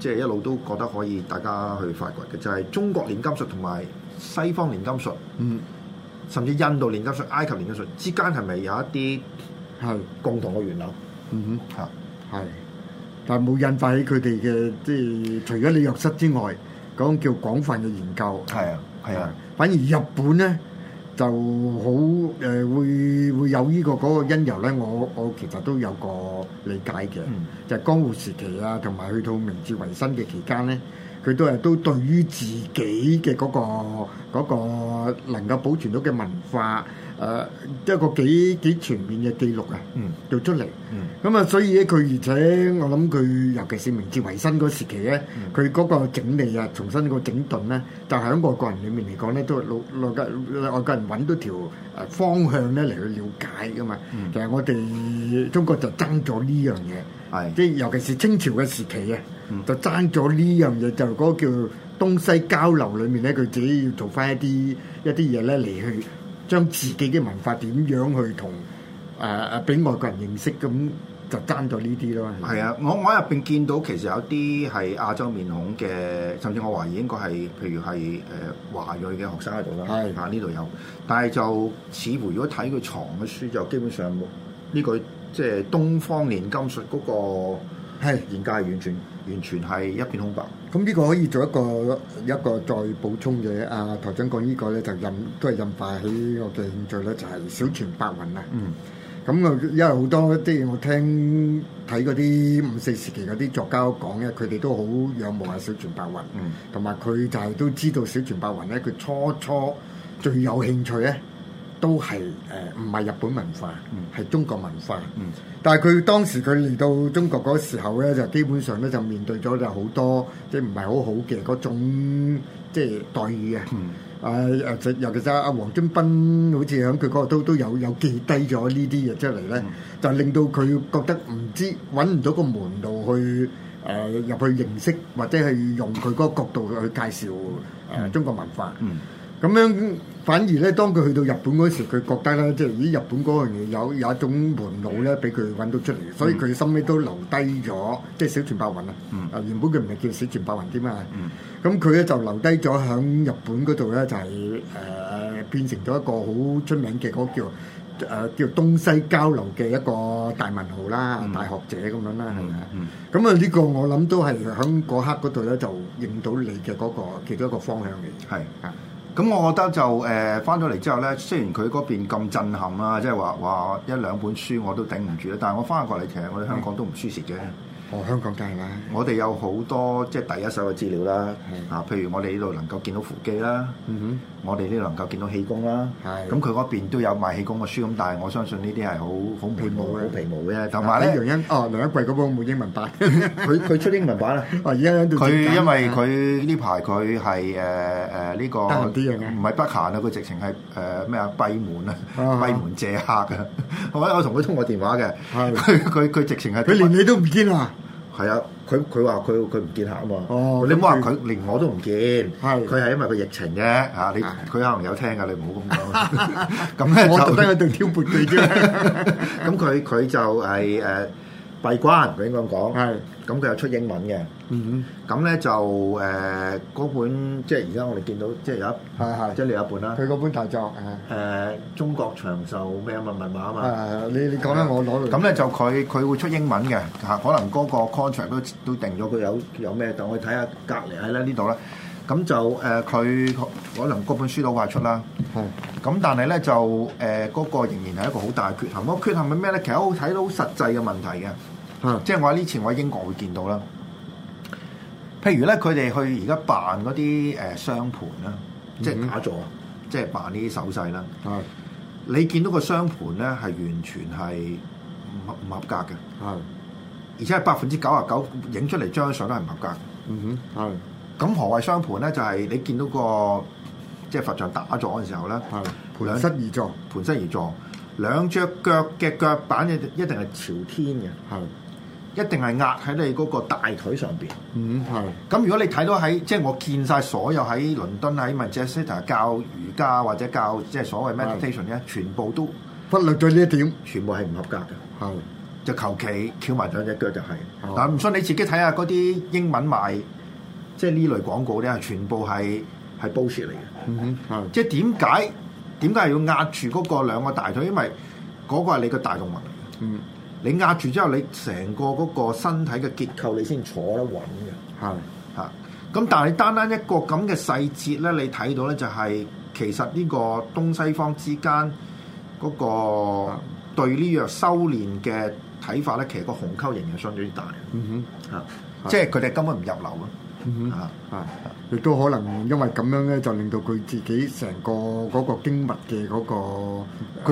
即係一路都覺得可以大家去發掘嘅就係、是、中國煉金術同埋西方煉金術，嗯的，甚至印度煉金術、埃及煉金術之間係咪有一啲共同嘅源流？的嗯哼，係。但冇引發起佢哋嘅，即係除咗李藥室之外，嗰種叫廣泛嘅研究。係啊，係啊。反而日本咧就好誒、呃，會會有呢個嗰個因由咧。我我其實都有個理解嘅，嗯、就江戶時期啊，同埋去到明治維新嘅期間咧，佢都係都對於自己嘅嗰個嗰個能夠保存到嘅文化。誒、呃、一個幾幾全面嘅記錄啊，做、嗯、出嚟，咁、嗯、啊，所以咧佢而且我諗佢尤其是明治維新嗰時期咧、啊，佢嗰、嗯、個整理啊、重新個整頓咧、啊，就喺外國人裏面嚟講咧，都老外國人揾到條誒方向咧嚟去了解噶嘛。就、嗯、其實我哋中國就爭咗呢樣嘢，嗯、即係尤其是清朝嘅時期啊，嗯、就爭咗呢樣嘢，就嗰、個、叫東西交流裏面咧，佢自己要做翻一啲一啲嘢咧嚟去。將自己嘅文化點樣去同誒誒俾外國人認識，咁就爭咗呢啲咯。係啊，我我喺入邊見到其實有啲係亞洲面孔嘅，甚至我懷疑應該係譬如係誒、呃、華裔嘅學生喺度啦。係的啊，呢度有，但係就似乎如果睇佢藏嘅書，就基本上冇、呢個。呢個即係《東方煉金術》嗰個係現家係完全。完全係一片空白。咁呢個可以做一個一個再補充嘅。阿台長講呢個咧就引都係引發起我嘅興趣咧，就係小泉白雲啦。嗯。咁啊，因為好多即係我聽睇嗰啲五四時期嗰啲作家講咧，佢哋都好仰慕阿小泉白雲。嗯。同埋佢就係、是都，嗯、都知道小泉白雲咧，佢初初最有興趣咧。都係誒唔係日本文化，係、嗯、中國文化。嗯、但係佢當時佢嚟到中國嗰時候咧，就基本上咧就面對咗好多即係唔係好好嘅嗰種即係待遇嘅。誒誒、嗯啊，尤其真係阿黃宗斌，好似喺佢嗰度都都有有記低咗呢啲嘢出嚟咧，嗯、就令到佢覺得唔知揾唔到個門路去誒、呃、入去認識或者係用佢嗰個角度去介紹誒、呃、中國文化。咁、嗯、樣。反而咧，當佢去到日本嗰時，佢覺得咧，即係依日本嗰樣嘢有有一種門路咧，俾佢揾到出嚟，嗯、所以佢心尾都留低咗，即係小泉八雲啊。嗯、雲啊，原本佢唔係叫小泉八雲添嘛。咁佢咧就留低咗喺日本嗰度咧，就係誒變成咗一個好出名嘅嗰叫誒、呃、叫東西交流嘅一個大文豪啦，嗯、大學者咁樣啦，係咪咁啊？呢、嗯嗯嗯、個我諗都係喺嗰刻嗰度咧，就認到你嘅嗰個其中一個方向嚟。係啊。咁我覺得就誒翻咗嚟之後咧，雖然佢嗰邊咁震撼啦、啊，即係話話一兩本書我都頂唔住咧，但係我翻過嚟其實，我哋香港都唔輸蝕嘅。嗯。哦，香港梗係啦！我哋有好多即係第一手嘅資料啦。啊，譬如我哋呢度能夠見到扶乩啦，嗯哼，我哋呢度能夠見到氣功啦。係咁，佢嗰邊都有賣氣功嘅書咁，但係我相信呢啲係好好皮毛嘅，好皮毛嘅。同埋咧，楊欣哦，梁一貴嗰本冇英文版，佢佢出英文版啦。哇，而家喺度佢因為佢呢排佢係誒誒呢個唔係不閒啊，佢直情係誒咩啊閉門啊閉門謝客嘅。係咪我同佢通過電話嘅？係佢佢佢直情係佢連你都唔見啊！係啊，佢佢話佢佢唔見客啊嘛，你唔好話佢連我都唔見，佢係的因為個疫情啫。嚇的，你佢可能有聽噶，你唔好咁講。咁咧 就，我坐低喺度挑撥佢啫。咁佢佢就係、是、誒。呃閉關，佢應該講。係是。咁佢又出英文嘅。嗯哼。咁咧就誒嗰、呃、本即係而家我哋見到即係有一係係是即係另一本啦。佢嗰本大作。係係、呃。中國長壽咩密密碼是是是啊嘛。誒誒你你講啦，我攞嚟。咁咧就佢佢會出英文嘅嚇，可能嗰個 contract 都都定咗，佢有有咩？等我睇下隔離喺咧呢度啦。咁就誒佢、呃、可能嗰本書都快出啦。嗯。咁但係咧就誒嗰個仍然係一個好大嘅缺陷。個缺陷係咩咧？其實我睇到好實際嘅問題嘅。即係我呢次我喺英國會見到啦，譬如咧佢哋去而家辦嗰啲誒雙盤啦，即係打坐，即係辦呢啲手勢啦。係，你見到個雙盤咧係完全係唔合唔合格嘅。係，而且係百分之九十九影出嚟張相都係唔合格。嗯哼，係。咁何謂雙盤咧？就係你見到個即係佛像打坐嘅時候咧，係盤膝而坐，盤膝而坐，兩隻腳嘅腳板一定係朝天嘅，係。一定係壓喺你嗰個大腿上邊。嗯，係。咁如果你睇到喺即係我見晒所有喺倫敦喺 Manchester 教瑜伽或者教即係所謂 meditation 咧，全部都忽略咗呢一點，全部係唔合格嘅。係、嗯，就求其翹埋咗隻腳就係。但係唔信，你自己睇下嗰啲英文賣即係呢類廣告咧，全部係係 boast 嚟嘅。嗯，即係點解點解係要壓住嗰個兩個大腿？因為嗰個係你個大動脈嚟嘅。嗯。嗯。你壓住之後，你成個嗰個身體嘅結構，你先坐得穩嘅。係啊，咁但係單單一個咁嘅細節咧，你睇到咧就係其實呢個東西方之間嗰個對呢樣修練嘅睇法咧，其實個鴻溝仍然相當大。嗯哼，啊，即係佢哋根本唔入流啊。哼，啊，係，亦都可能因為咁樣咧，就令到佢自己成個嗰個經脈嘅嗰個，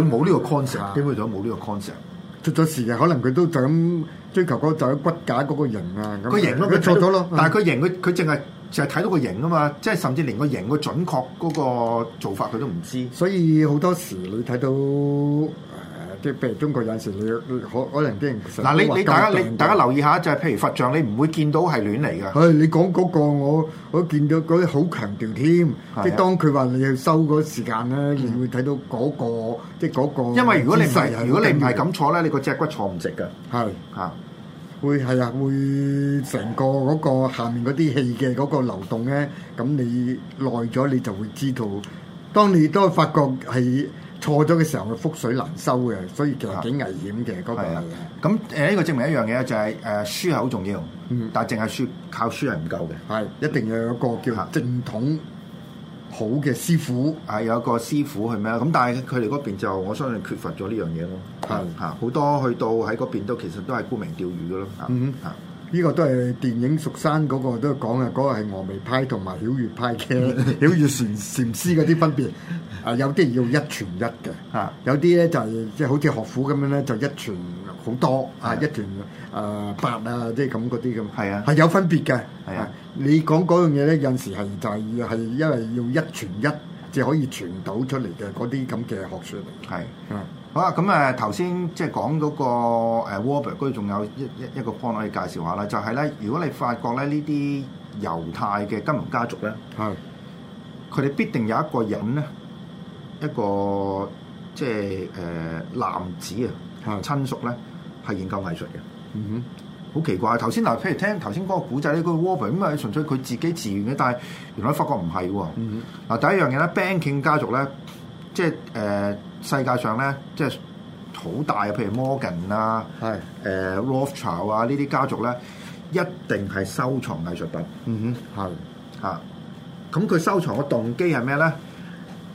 佢冇呢個 concept，根本就冇呢個 concept。出咗事啊！可能佢都就咁追求、嗰個就咁骨架嗰個形啊，佢贏咯，佢錯咗咯。嗯、但係佢贏佢，佢佢淨係淨係睇到個型啊嘛，即係甚至連個型個準確嗰個做法佢都唔知。所以好多時你睇到。即係譬如中國有陣時你可，可能啲人嗱，你你大家，你大家留意下，就係譬如佛像，你唔會見到係亂嚟嘅。係你講嗰個我我見到嗰啲好強調添。即係當佢話你要收嗰時間咧，你會睇到嗰個即係嗰個。因為如果你唔係如果你唔係咁坐咧，你個脊骨坐唔直嘅。係嚇，會係啊，會成個嗰個下面嗰啲氣嘅嗰個流動咧，咁你耐咗你就會知道。當你都發覺係。錯咗嘅時候，佢覆水難收嘅，所以其實幾危險嘅嗰個係。咁誒呢個證明一樣嘢就係誒書係好重要，但係淨係書靠書係唔夠嘅，係一定要有一個叫嚇正統好嘅師傅，係有一個師傅係咩咁？但係佢哋嗰邊就我相信缺乏咗呢樣嘢咯，嚇嚇好多去到喺嗰邊都其實都係沽名釣譽嘅咯，嚇。呢個都係電影《蜀山》嗰個都講嘅，嗰、嗰個係峨眉派同埋曉月派嘅曉月禪禪師嗰啲分別，啊有啲要一傳一嘅，啊 有啲咧就係即係好似學府咁樣咧，就一傳好多啊 一傳啊、呃、八啊，即係咁嗰啲咁，係啊係有分別嘅，係、 啊、你講嗰樣嘢咧，有時係就係係因為要一傳一，即、就、係、是、可以傳導出嚟嘅嗰啲咁嘅學説，係嗯。好啦，咁誒頭先即係講嗰個 Warberg，跟住仲有一一一 point 可以介紹下咧，就係咧，如果你發覺咧呢啲猶太嘅金融家族咧，係佢哋必定有一個人咧，Yeah. 一個即係誒男子啊，嚇 Yeah. 親屬咧係研究藝術嘅，嗯哼，好奇怪。頭先嗱，譬如聽頭先嗰個古仔咧，嗰個 Warberg 咁啊，純粹佢自己自願嘅，但係原來發覺唔係喎。嗱，第一樣嘢咧，Banking 家族咧，即係誒。呃呃呃世界上咧，即係好大嘅，譬如 Morgan 啊，呃 Rothschild 啊呢啲是、呃啊、家族咧，一定係收藏藝術品。嗯哼，係是啊。咁佢收藏嘅動機係咩咧？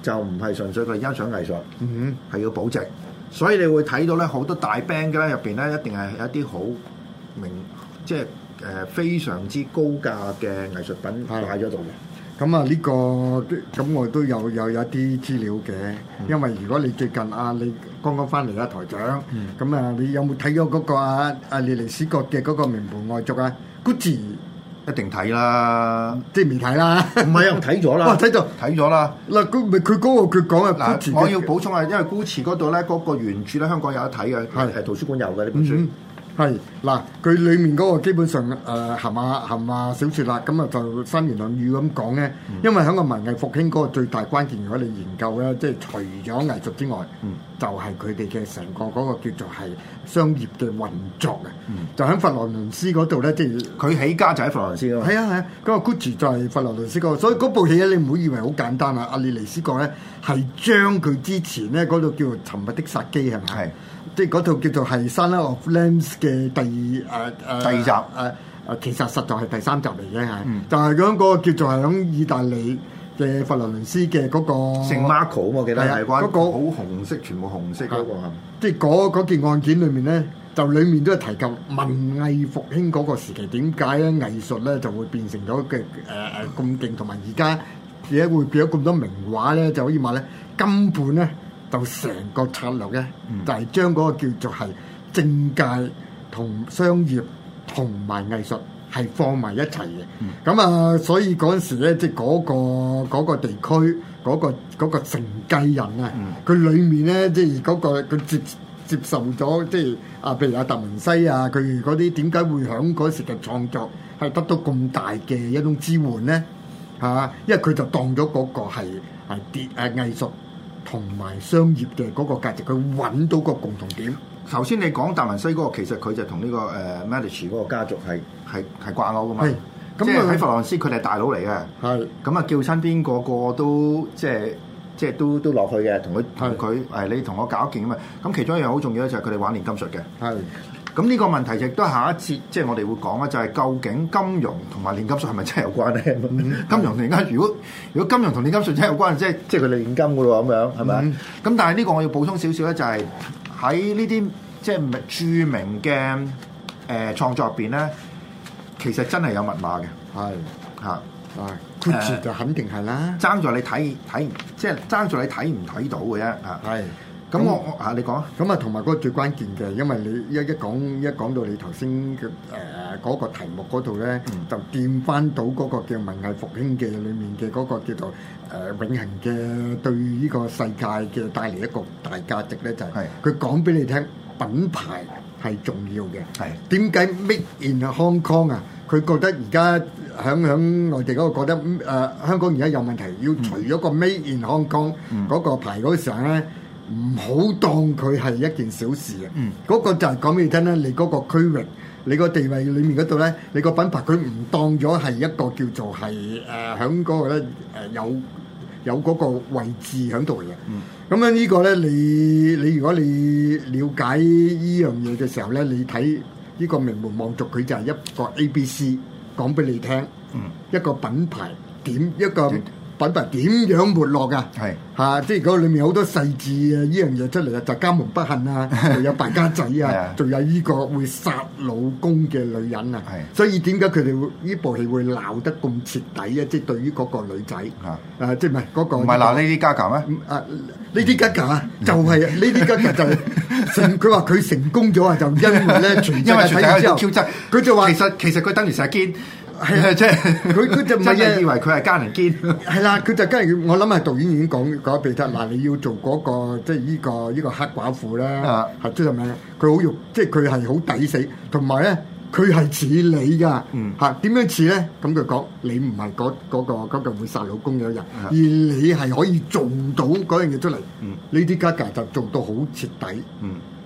就唔係純粹佢欣賞藝術，係、嗯、哼要保值。嗯、哼所以你會睇到咧，好多大 bank 嘅咧入邊咧，一定係一啲好名，即係誒、呃、非常之高價嘅藝術品擺咗度。嗯咁啊呢個，咁我都有有有啲資料嘅。因為如果你最近啊，你剛剛翻嚟啊台長，咁啊、嗯、你有冇睇咗嗰個啊啊列寧斯國嘅嗰個名門外族啊？Gucci 一定睇啦，即係未睇啦？唔係啊，睇咗啦。喺度睇咗啦。嗱，佢咪佢嗰個佢講嘅，我啦我要補充下、啊，因為 Gucci 嗰度咧嗰個原著咧、嗯、香港有得睇嘅，係係是圖書館有嘅呢本書、嗯。係嗱，佢裡面嗰個基本上誒、呃、含啊含啊小説啦，咁啊就三言兩語咁講咧。嗯、因為喺個文藝復興嗰個最大關鍵，如果你研究咧，即係除咗藝術之外，嗯、就係佢哋嘅成個嗰個叫做係商業嘅運作嘅。嗯、就喺佛羅倫斯嗰度咧，即係佢起家就喺佛羅倫斯咯。係啊係啊，嗰、啊那個 Gucci 就係佛羅倫斯嗰個，所以嗰部戲咧你唔好以為好簡單啊！阿列尼斯講咧係將佢之前咧嗰度叫做《沉默的殺機》係咪？即係嗰套叫做係、啊《Silence of the Lambs 嘅第二誒誒，第二集誒誒、啊，其實實在係第三集嚟嘅係，嗯、就係響嗰個叫做響意大利嘅佛羅倫斯嘅嗰、那個。聖 Marco 啊嘛，記得係嗰個好紅色，全部紅色嗰、那個即係嗰件案件裏面咧，就裡面都係提及文藝復興嗰個時期，點解咧藝術咧就會變成咗嘅誒誒咁勁，同埋而家而家會變咗咁多名畫咧，就可以話咧根本咧。就成個策略咧，就係將嗰個叫做係政界同商業同埋藝術係放埋一齊嘅。咁、嗯、啊，所以嗰陣時咧，即係嗰個嗰、嗰個地區嗰、嗰個嗰、嗰個承繼人啊，佢、嗯、裏面咧，即係嗰個佢接接受咗，即係啊，譬如阿達文西啊，佢嗰啲點解會響嗰時嘅創作係得到咁大嘅一種支援咧？啊，因為佢就當咗嗰個係係跌誒藝術。同埋商業嘅嗰個價值，佢揾到個共同點。頭先你講達文西嗰、那個，其實佢就同呢、這個誒 Medici 嗰個家族係係係掛鈎噶嘛，嗯、即係喺佛羅倫斯，佢哋係大佬嚟嘅。係咁啊，就叫身邊個個都即係即係都都落去嘅，同佢佢誒你同我搞一件啊嘛。咁其中一樣好重要咧，就係佢哋玩煉金術嘅。係。咁呢個問題亦都下一節，即係我哋會講啦，就係，是，究竟金融同埋煉金術係咪真係有關咧？ 金融同煉金，如果如果金融同煉金術真係有關，即係即係佢哋煉金噶咯咁樣，係咪啊？咁，嗯、但係呢個我要補充少少咧，就係喺呢啲即係著名嘅誒，呃、創作入邊咧，其實真係有密碼嘅。係嚇，係，就肯定係啦。爭在你睇睇，即係爭在你睇唔睇到嘅啫。係。咁我、嗯、啊，你講啊，咁啊同埋嗰個最關鍵嘅，因為你一一講一講到你頭先嘅誒嗰個題目嗰度咧，嗯、就掂翻到嗰個叫文藝復興嘅裡面嘅嗰個叫做誒、呃、永恆嘅對呢個世界嘅帶嚟一個大價值咧，就係佢講俾你聽，品牌係重要嘅。點解 made in Hong Kong 啊，佢覺得而家響響內地嗰個覺得誒、呃、香港而家有問題，要除咗個 made in Hong Kong 嗰個牌嗰時候咧？唔好當佢係一件小事嘅，嗰、嗯、個就係講俾你聽啦。你嗰個區域，你個地位裏面嗰度咧，你個品牌佢唔當咗係一個叫做係誒響嗰個咧誒、呃、有有嗰個位置喺度嘅。咁、嗯、樣這個呢個咧，你你如果你了解呢樣嘢嘅時候咧，你睇呢個名門望族，佢就係一個 A B C 講俾你聽，嗯、一個品牌點一個。嗯品牌點樣沒落㗎、啊？係嚇是、啊，即係如果裡面好多細緻啊，呢樣嘢出嚟啊，就家門不幸啊，仲有敗家仔啊，仲 是、啊、有呢個會殺老公嘅女人啊。係是，所以點解佢哋會呢部戲會鬧得咁徹底啊？即係對於嗰個女仔啊，啊，即係唔係嗰個唔係鬧？呢啲加價咩？啊，呢啲加啊， 就係啊，呢啲加價就係，佢話佢成功咗啊，就因為咧，因為睇完之後質，佢就話其實其實佢等於成日見。係啊，即係佢佢就唔係，即以為佢係奸人堅。係啦，佢就奸人堅。我諗係導演已經講講俾得嗱，你要做嗰個即係呢個依個黑寡婦咧，係最入名。佢好肉，即係佢係好抵死，同埋咧佢係似你噶嚇點樣似咧？咁佢講你唔係嗰嗰個今日會殺老公嘅人，而你係可以做到嗰樣嘢出嚟。呢啲 Gaga 就做到好徹底，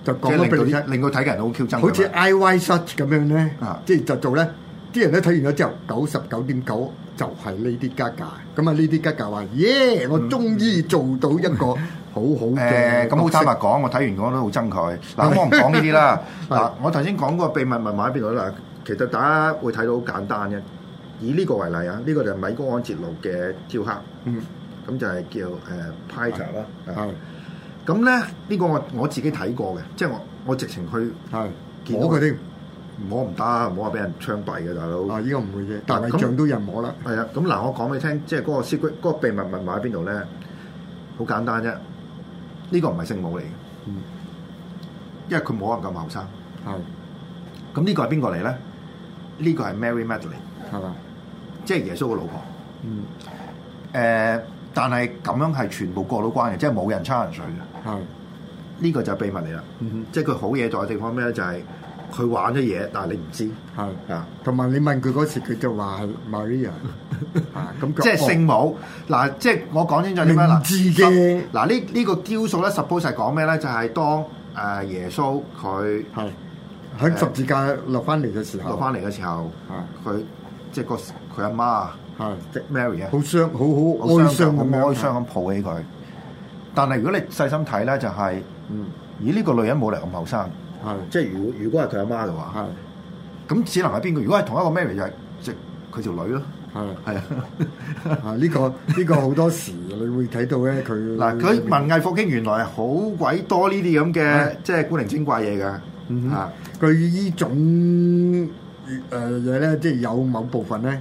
就講咗俾佢令到睇嘅人好 Q 憎。好似 I Y Such 咁樣咧，即係就做咧。啲人咧睇完咗之後，九十九點九就係呢啲價格。咁啊，呢啲價格話，耶！我終於做到一個好好嘅。誒，咁好坦白講，我睇完講都好憎佢。嗱，我唔講呢啲啦。嗱，我頭先講個秘密密碼喺邊度咧？嗱，其實大家會睇到好簡單嘅。以呢個為例啊，呢個就係米高安哲羅嘅雕刻。嗯。咁就係叫誒 Pietà 啦。係。咁咧，呢個我自己睇過嘅，即係我我直情去係見到佢添。唔摸唔得，唔好話俾人槍斃嘅，大佬。嗱、啊，依、這個唔會嘅。但係像都人摸啦。係啊，咁、啊、嗱、啊啊，我講俾你聽，即係嗰個秘密密，密碼喺邊度咧？好簡單啫，呢、這個唔係聖母嚟嘅。嗯。因為佢冇可能咁後生。係、嗯。咁、嗯、呢、這個係邊個嚟咧？呢個係 Mary Magdalene。係嘛？即係耶穌嘅老婆。嗯。誒、呃，但係咁樣係全部過到關嘅，即係冇人差人水嘅。係、嗯。呢、嗯、個就係秘密嚟啦、嗯。即係佢好嘢在嘅地方咩咧？就係、是。佢玩咗嘢，但係你唔知，係啊，同埋你問佢嗰時，佢就話 Maria 咁即係聖母。嗱，即係我講清楚點樣啦？唔知嗱，呢呢個雕塑咧，suppose 係講咩咧？就係當誒耶穌佢係喺十字架落翻嚟嘅時候，落翻嚟嘅時候，佢即係個佢阿媽係 Mary 啊，好傷，好好哀傷咁哀傷咁抱起佢。但係如果你細心睇咧，就係嗯，咦呢個女人冇嚟咁後生。係，即係如果如果係佢阿媽嘅話，咁只能係邊個？如果係是同一個 Mary 就係即佢條女咯。係係啊，呢、呢個呢、呢個好多時你會睇到咧，佢嗱佢文藝復興原來好鬼多呢啲咁嘅即係古靈精怪嘢㗎。嗯、哼啊，佢依種誒嘢咧，即係有某部分咧，誒、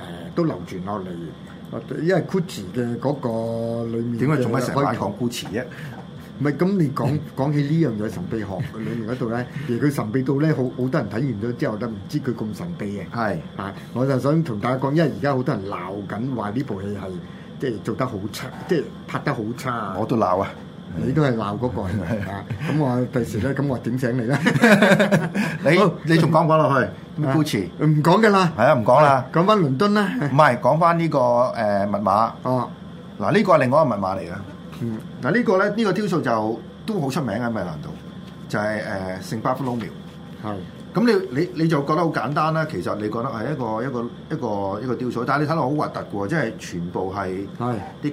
呃、都流傳落嚟，因為古詞嘅嗰個裏面。點解仲係成日講古詞啫？.唔係，咁你講講起呢樣嘢，神秘學裏面嗰度咧，而佢神秘到咧，好好多人睇完咗之後都唔知佢咁神秘嘅。係，啊，我就想同大家講，因為而家好多人鬧緊，話呢部戲係即係做得好差，即係拍得好差。我都鬧啊，你都係鬧嗰個係咪啊？咁我第時咧，咁我點醒你咧？你你仲講唔講落去？冇故事？唔講㗎啦，係啊，唔講啦，講翻倫敦啦。唔係，講翻呢個誒密碼。嗯，嗱，呢個係另外一個密碼嚟嘅。嗱，呢個咧，呢個雕塑就都好出名喺米蘭度，就係誒聖巴夫老廟。係，咁你你你就覺得好簡單啦，其實你覺得係一個一個一個一個雕塑，但係你睇落好核突嘅喎，即係全部係係啲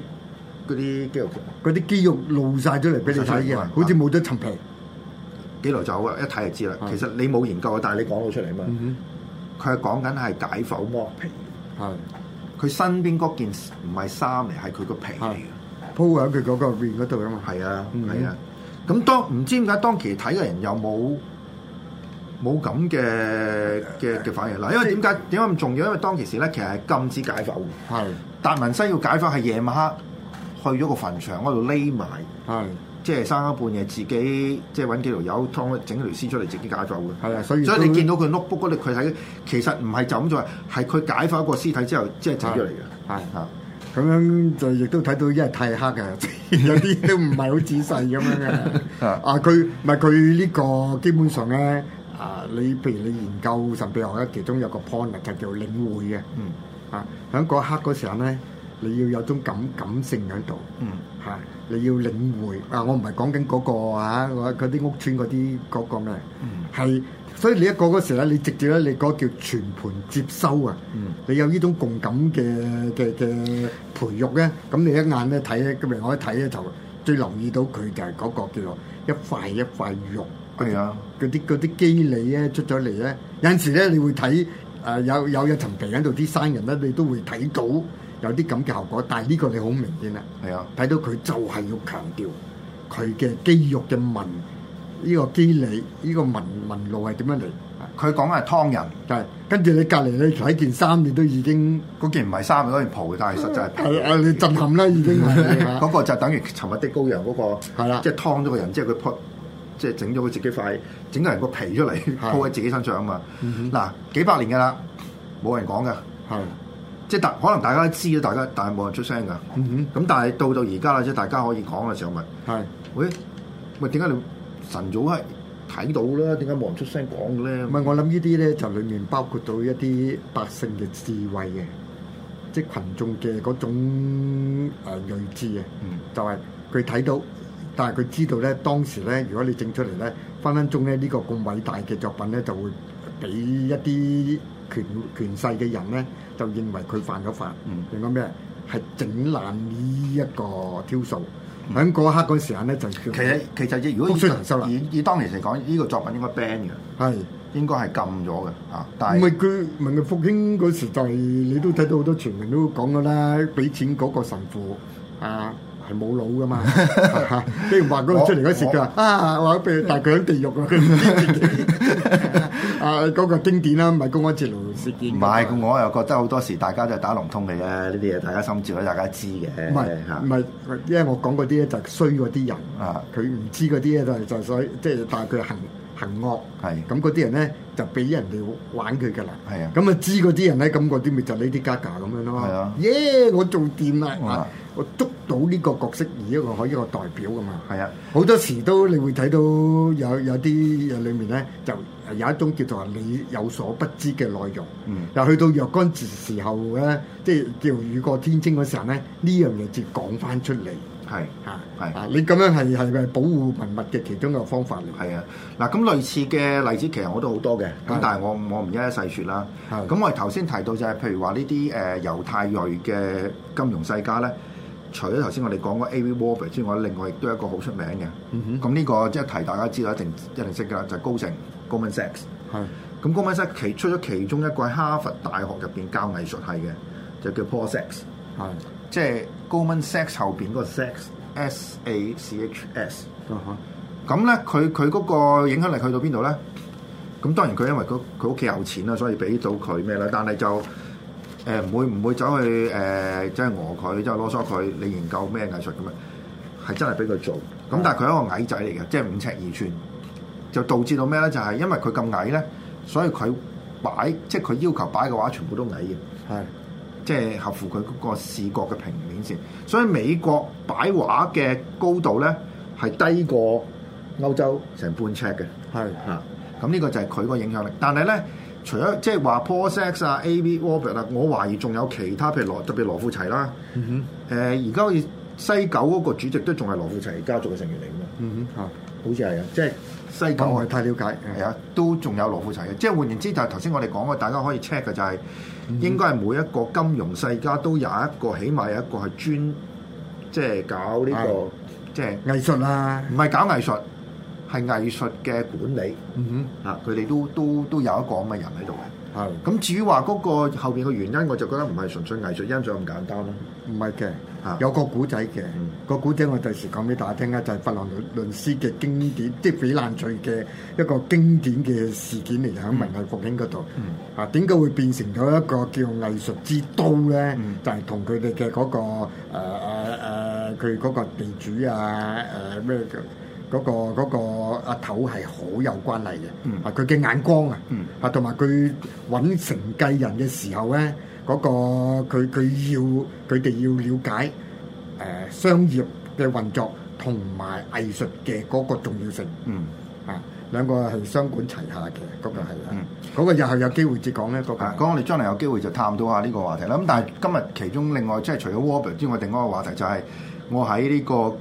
啲肌肉，嗰啲肌肉露晒出嚟俾你睇啊，好似冇咗層皮。幾耐就好啦，一睇就知啦。其實你冇研究嘅，但係你講到出嚟嘛，佢係講緊係解剖剝皮。係，佢身邊嗰件唔係衫嚟，係佢個皮，鋪喺佢嗰個面嗰度啊嘛，係啊，係啊。咁當唔知點解當其睇嘅人又冇冇咁嘅嘅嘅反應啦？因為點解點解咁重要？因為當其時咧，其實係禁止解剖喎。係。達文西要解剖係夜晚黑去咗個墳場嗰度匿埋。係。即係三更半夜自己即係揾幾條友劏整條屍出嚟自己解剖喎。係啊，所以所以你見到佢 notebook 嗰啲佢睇，其實唔係就咁做啊，係佢解剖一個屍體之後即係整出嚟嘅。係啊。咁樣就亦都睇到，因為太黑嘅， 有啲都唔係好仔細咁樣嘅。 啊，佢唔係佢呢個基本上咧，啊，你譬如你研究神秘學咧，其中有個 point 就叫領會嘅。嗯。啊，喺嗰刻嗰時候咧，你要有種感感性喺度。嗯。嚇、啊，你要領會啊！我唔係講緊嗰個嚇，我嗰啲屋村嗰啲嗰個咩？嗯。係。所以你一個嗰時咧，你直接咧，你嗰個叫全盤接收啊！嗯、你有呢種共感嘅嘅嘅培育咧，咁你一眼咧睇咧，咁咪可以睇咧，就最留意到佢就係嗰個叫做一塊一塊肉。係是啊，啊，嗰啲啲肌理咧出咗嚟咧，有陣時咧你會睇誒、呃、有有一層皮喺度啲生人咧，你都會睇到有啲咁嘅效果，但係呢個你好明顯啦。係是啊，睇到佢就係要強調佢嘅肌肉嘅紋。呢個肌理，呢個紋紋路係點樣嚟？佢講係劏人，就係跟住你隔離咧，睇件衫，你都已經嗰件唔係衫，嗰件袍，但係實際係啊，震撼啦已經，嗰個就等於沉默的羔羊嗰個啦，即係劏咗個人，即係佢 p 即係整咗佢自己塊，整個人個皮出嚟，鋪喺自己身上啊嘛。嗱，幾百年嘅啦，冇人講嘅，係即係大可能大家都知啦，大家但係冇人出聲嘅，嗯哼。咁但係到到而家啦，即係大家可以講嘅時候咪，係喂，喂點解你？晨早係睇到啦，點解冇人出聲講咧？唔係我諗呢啲咧，就裡面包括到一啲百姓嘅智慧嘅，即係羣眾嘅嗰種、呃、睿智嘅。嗯，就係佢睇到，但係佢知道咧，當時咧，如果你整出嚟咧，分分鐘咧，呢個咁偉大嘅作品咧，就會俾一啲權權勢嘅人咧，就認為佢犯咗法。嗯，變咗咩？係整爛呢一個挑數。喺嗰刻嗰時間咧就，嗯、其實其實如果以以以當年嚟講，呢個作品應該 ban 嘅，係是應該係禁咗嘅嚇。但係唔係佢問佢復興嗰時就係、是、你都睇到好多傳聞都講嘅啦，俾錢嗰個神父啊係冇腦㗎嘛，俾人畫嗰個出嚟嗰時佢話啊話俾佢帶佢去地獄啊，佢 啊！嗰個經典啦，唔係《公安之路》唔係，我又覺得好多時大家就係打龍通嘅咧。呢啲嘢大家心照，大家知嘅。唔係唔係，因為我講嗰啲咧就衰嗰啲人啊，佢唔知嗰啲咧就就所以即係，但係佢行行惡係咁嗰啲人咧就俾人哋玩佢㗎啦。係啊，咁啊知嗰啲人咧，咁嗰啲咪就呢啲 Lady Gaga 咁樣咯。係啊，耶！我做掂啦，我捉到呢個角色而一個可以一個代表㗎嘛。係啊，好多時都你會睇到有有啲嘢裡面咧就。有一種叫做話你有所不知嘅內容，嗯，又去到若干時，時候咧，即係叫雨過天青嗰時候咧，呢樣嘢就講翻出嚟，係嚇係，你咁樣係係咪保護文物嘅其中一個方法？係啊，嗱咁類似嘅例子其實我都好多嘅，咁的但係我我唔一一細説啦。咁的我哋頭先提到就係、是、譬如話呢啲誒猶太裔嘅金融世家咧，除咗頭先我哋講個 A V Warburg 之外，另外亦都有一個好出名嘅，咁呢、嗯、哼個即係提大家知道一定一定識噶，就係、高盛。Goldman Sachs 係，咁 Goldman Sachs 其出咗其中一個喺哈佛大學入邊教藝術係嘅，就叫 Paul Sachs，係的，即係 Goldman Sachs 後邊嗰個 Sachs，s a c h s，咁咧佢佢嗰個影響力去到邊度咧？咁當然佢因為佢佢屋企有錢啦，所以俾到佢咩啦，但係就誒唔、呃、會唔會走去誒即係餓佢，即係囉嗦佢，你研究咩藝術咁啊？係真係俾佢做，咁、uh huh. 但係佢係一個矮仔嚟嘅，即係五尺二寸。就導致到咩咧？就係、是、因為佢咁矮咧，所以佢擺即係佢要求擺嘅畫全部都矮嘅，係的即係合乎佢嗰個視覺嘅平面線。所以美國擺畫嘅高度咧係低過歐洲成半尺嘅。係嚇的，咁呢個就係佢個影響力。但係咧，除咗即係 Paul Sachs 啊、A. B. Robert 啊，我懷疑仲有其他，譬如羅特別羅富齊啦、啊。嗯、哼，誒而家好似西九嗰個主席都仲係羅富齊家族嘅成員嚟嘅。嗯哼，嚇，好似係啊，即係。世界我太了解，係啊，都仲有羅富齊嘅，即係換言之就係頭先我哋講嘅，大家可以 check 嘅就係、是、應該係每一個金融世家都有一個，起碼有一個係專即係搞呢、這個、啊、即係是藝術啦、啊，唔係搞藝術，係藝術嘅管理，嗯哼，啊，佢哋都都都有一個咁嘅人喺度嘅。係，咁至於話嗰個後邊嘅原因，我就覺得唔係純粹藝術因素咁簡單咯。唔係嘅，嚇有個古仔嘅，啊、個古仔我第時講俾大家聽啊，就係佛羅倫斯嘅經典，即係比爛醉嘅一個經典嘅事件嚟，喺文藝復興嗰度。嚇點解會變成咗一個叫藝術之都咧？嗯、就係同佢哋嘅嗰個誒誒佢嗰個地主啊誒咩？呃嗰個阿頭係好有關係嘅，啊佢嘅眼光啊，啊同埋佢揾承繼人嘅時候咧，嗰個佢佢要佢哋要了解誒商業嘅運作同埋藝術嘅嗰個重要性，啊兩個係雙管齊下嘅，嗰個係啦，嗰個日後有機會接講咧，嗰個講我哋將來有機會就探討下呢個話題啦。咁但係今日其中另外即係除咗 Warbler 之外，另外一個話題就係我喺呢個誒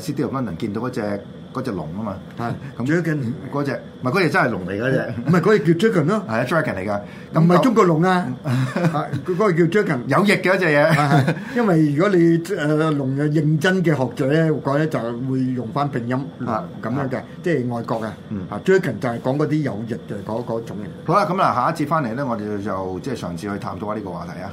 Studio One 能見到一隻。嗰隻龍啊嘛，啊 dragon 嗰隻，唔係嗰隻真係龍嚟嗰隻，唔係嗰隻叫 dragon 咯，係啊，dragon 嚟噶，咁唔係中國龍啊，佢嗰個叫 dragon 有翼嘅一隻嘢，因為如果你誒龍嘅認真嘅學者咧，我講咧就會用翻拼音啊咁樣嘅，即係外國嘅，嗯，啊 dragon 就係講嗰啲有翼嘅嗰嗰種。好啦，咁嗱下一節翻嚟咧，我哋就即係嘗試去探討下呢個話題啊。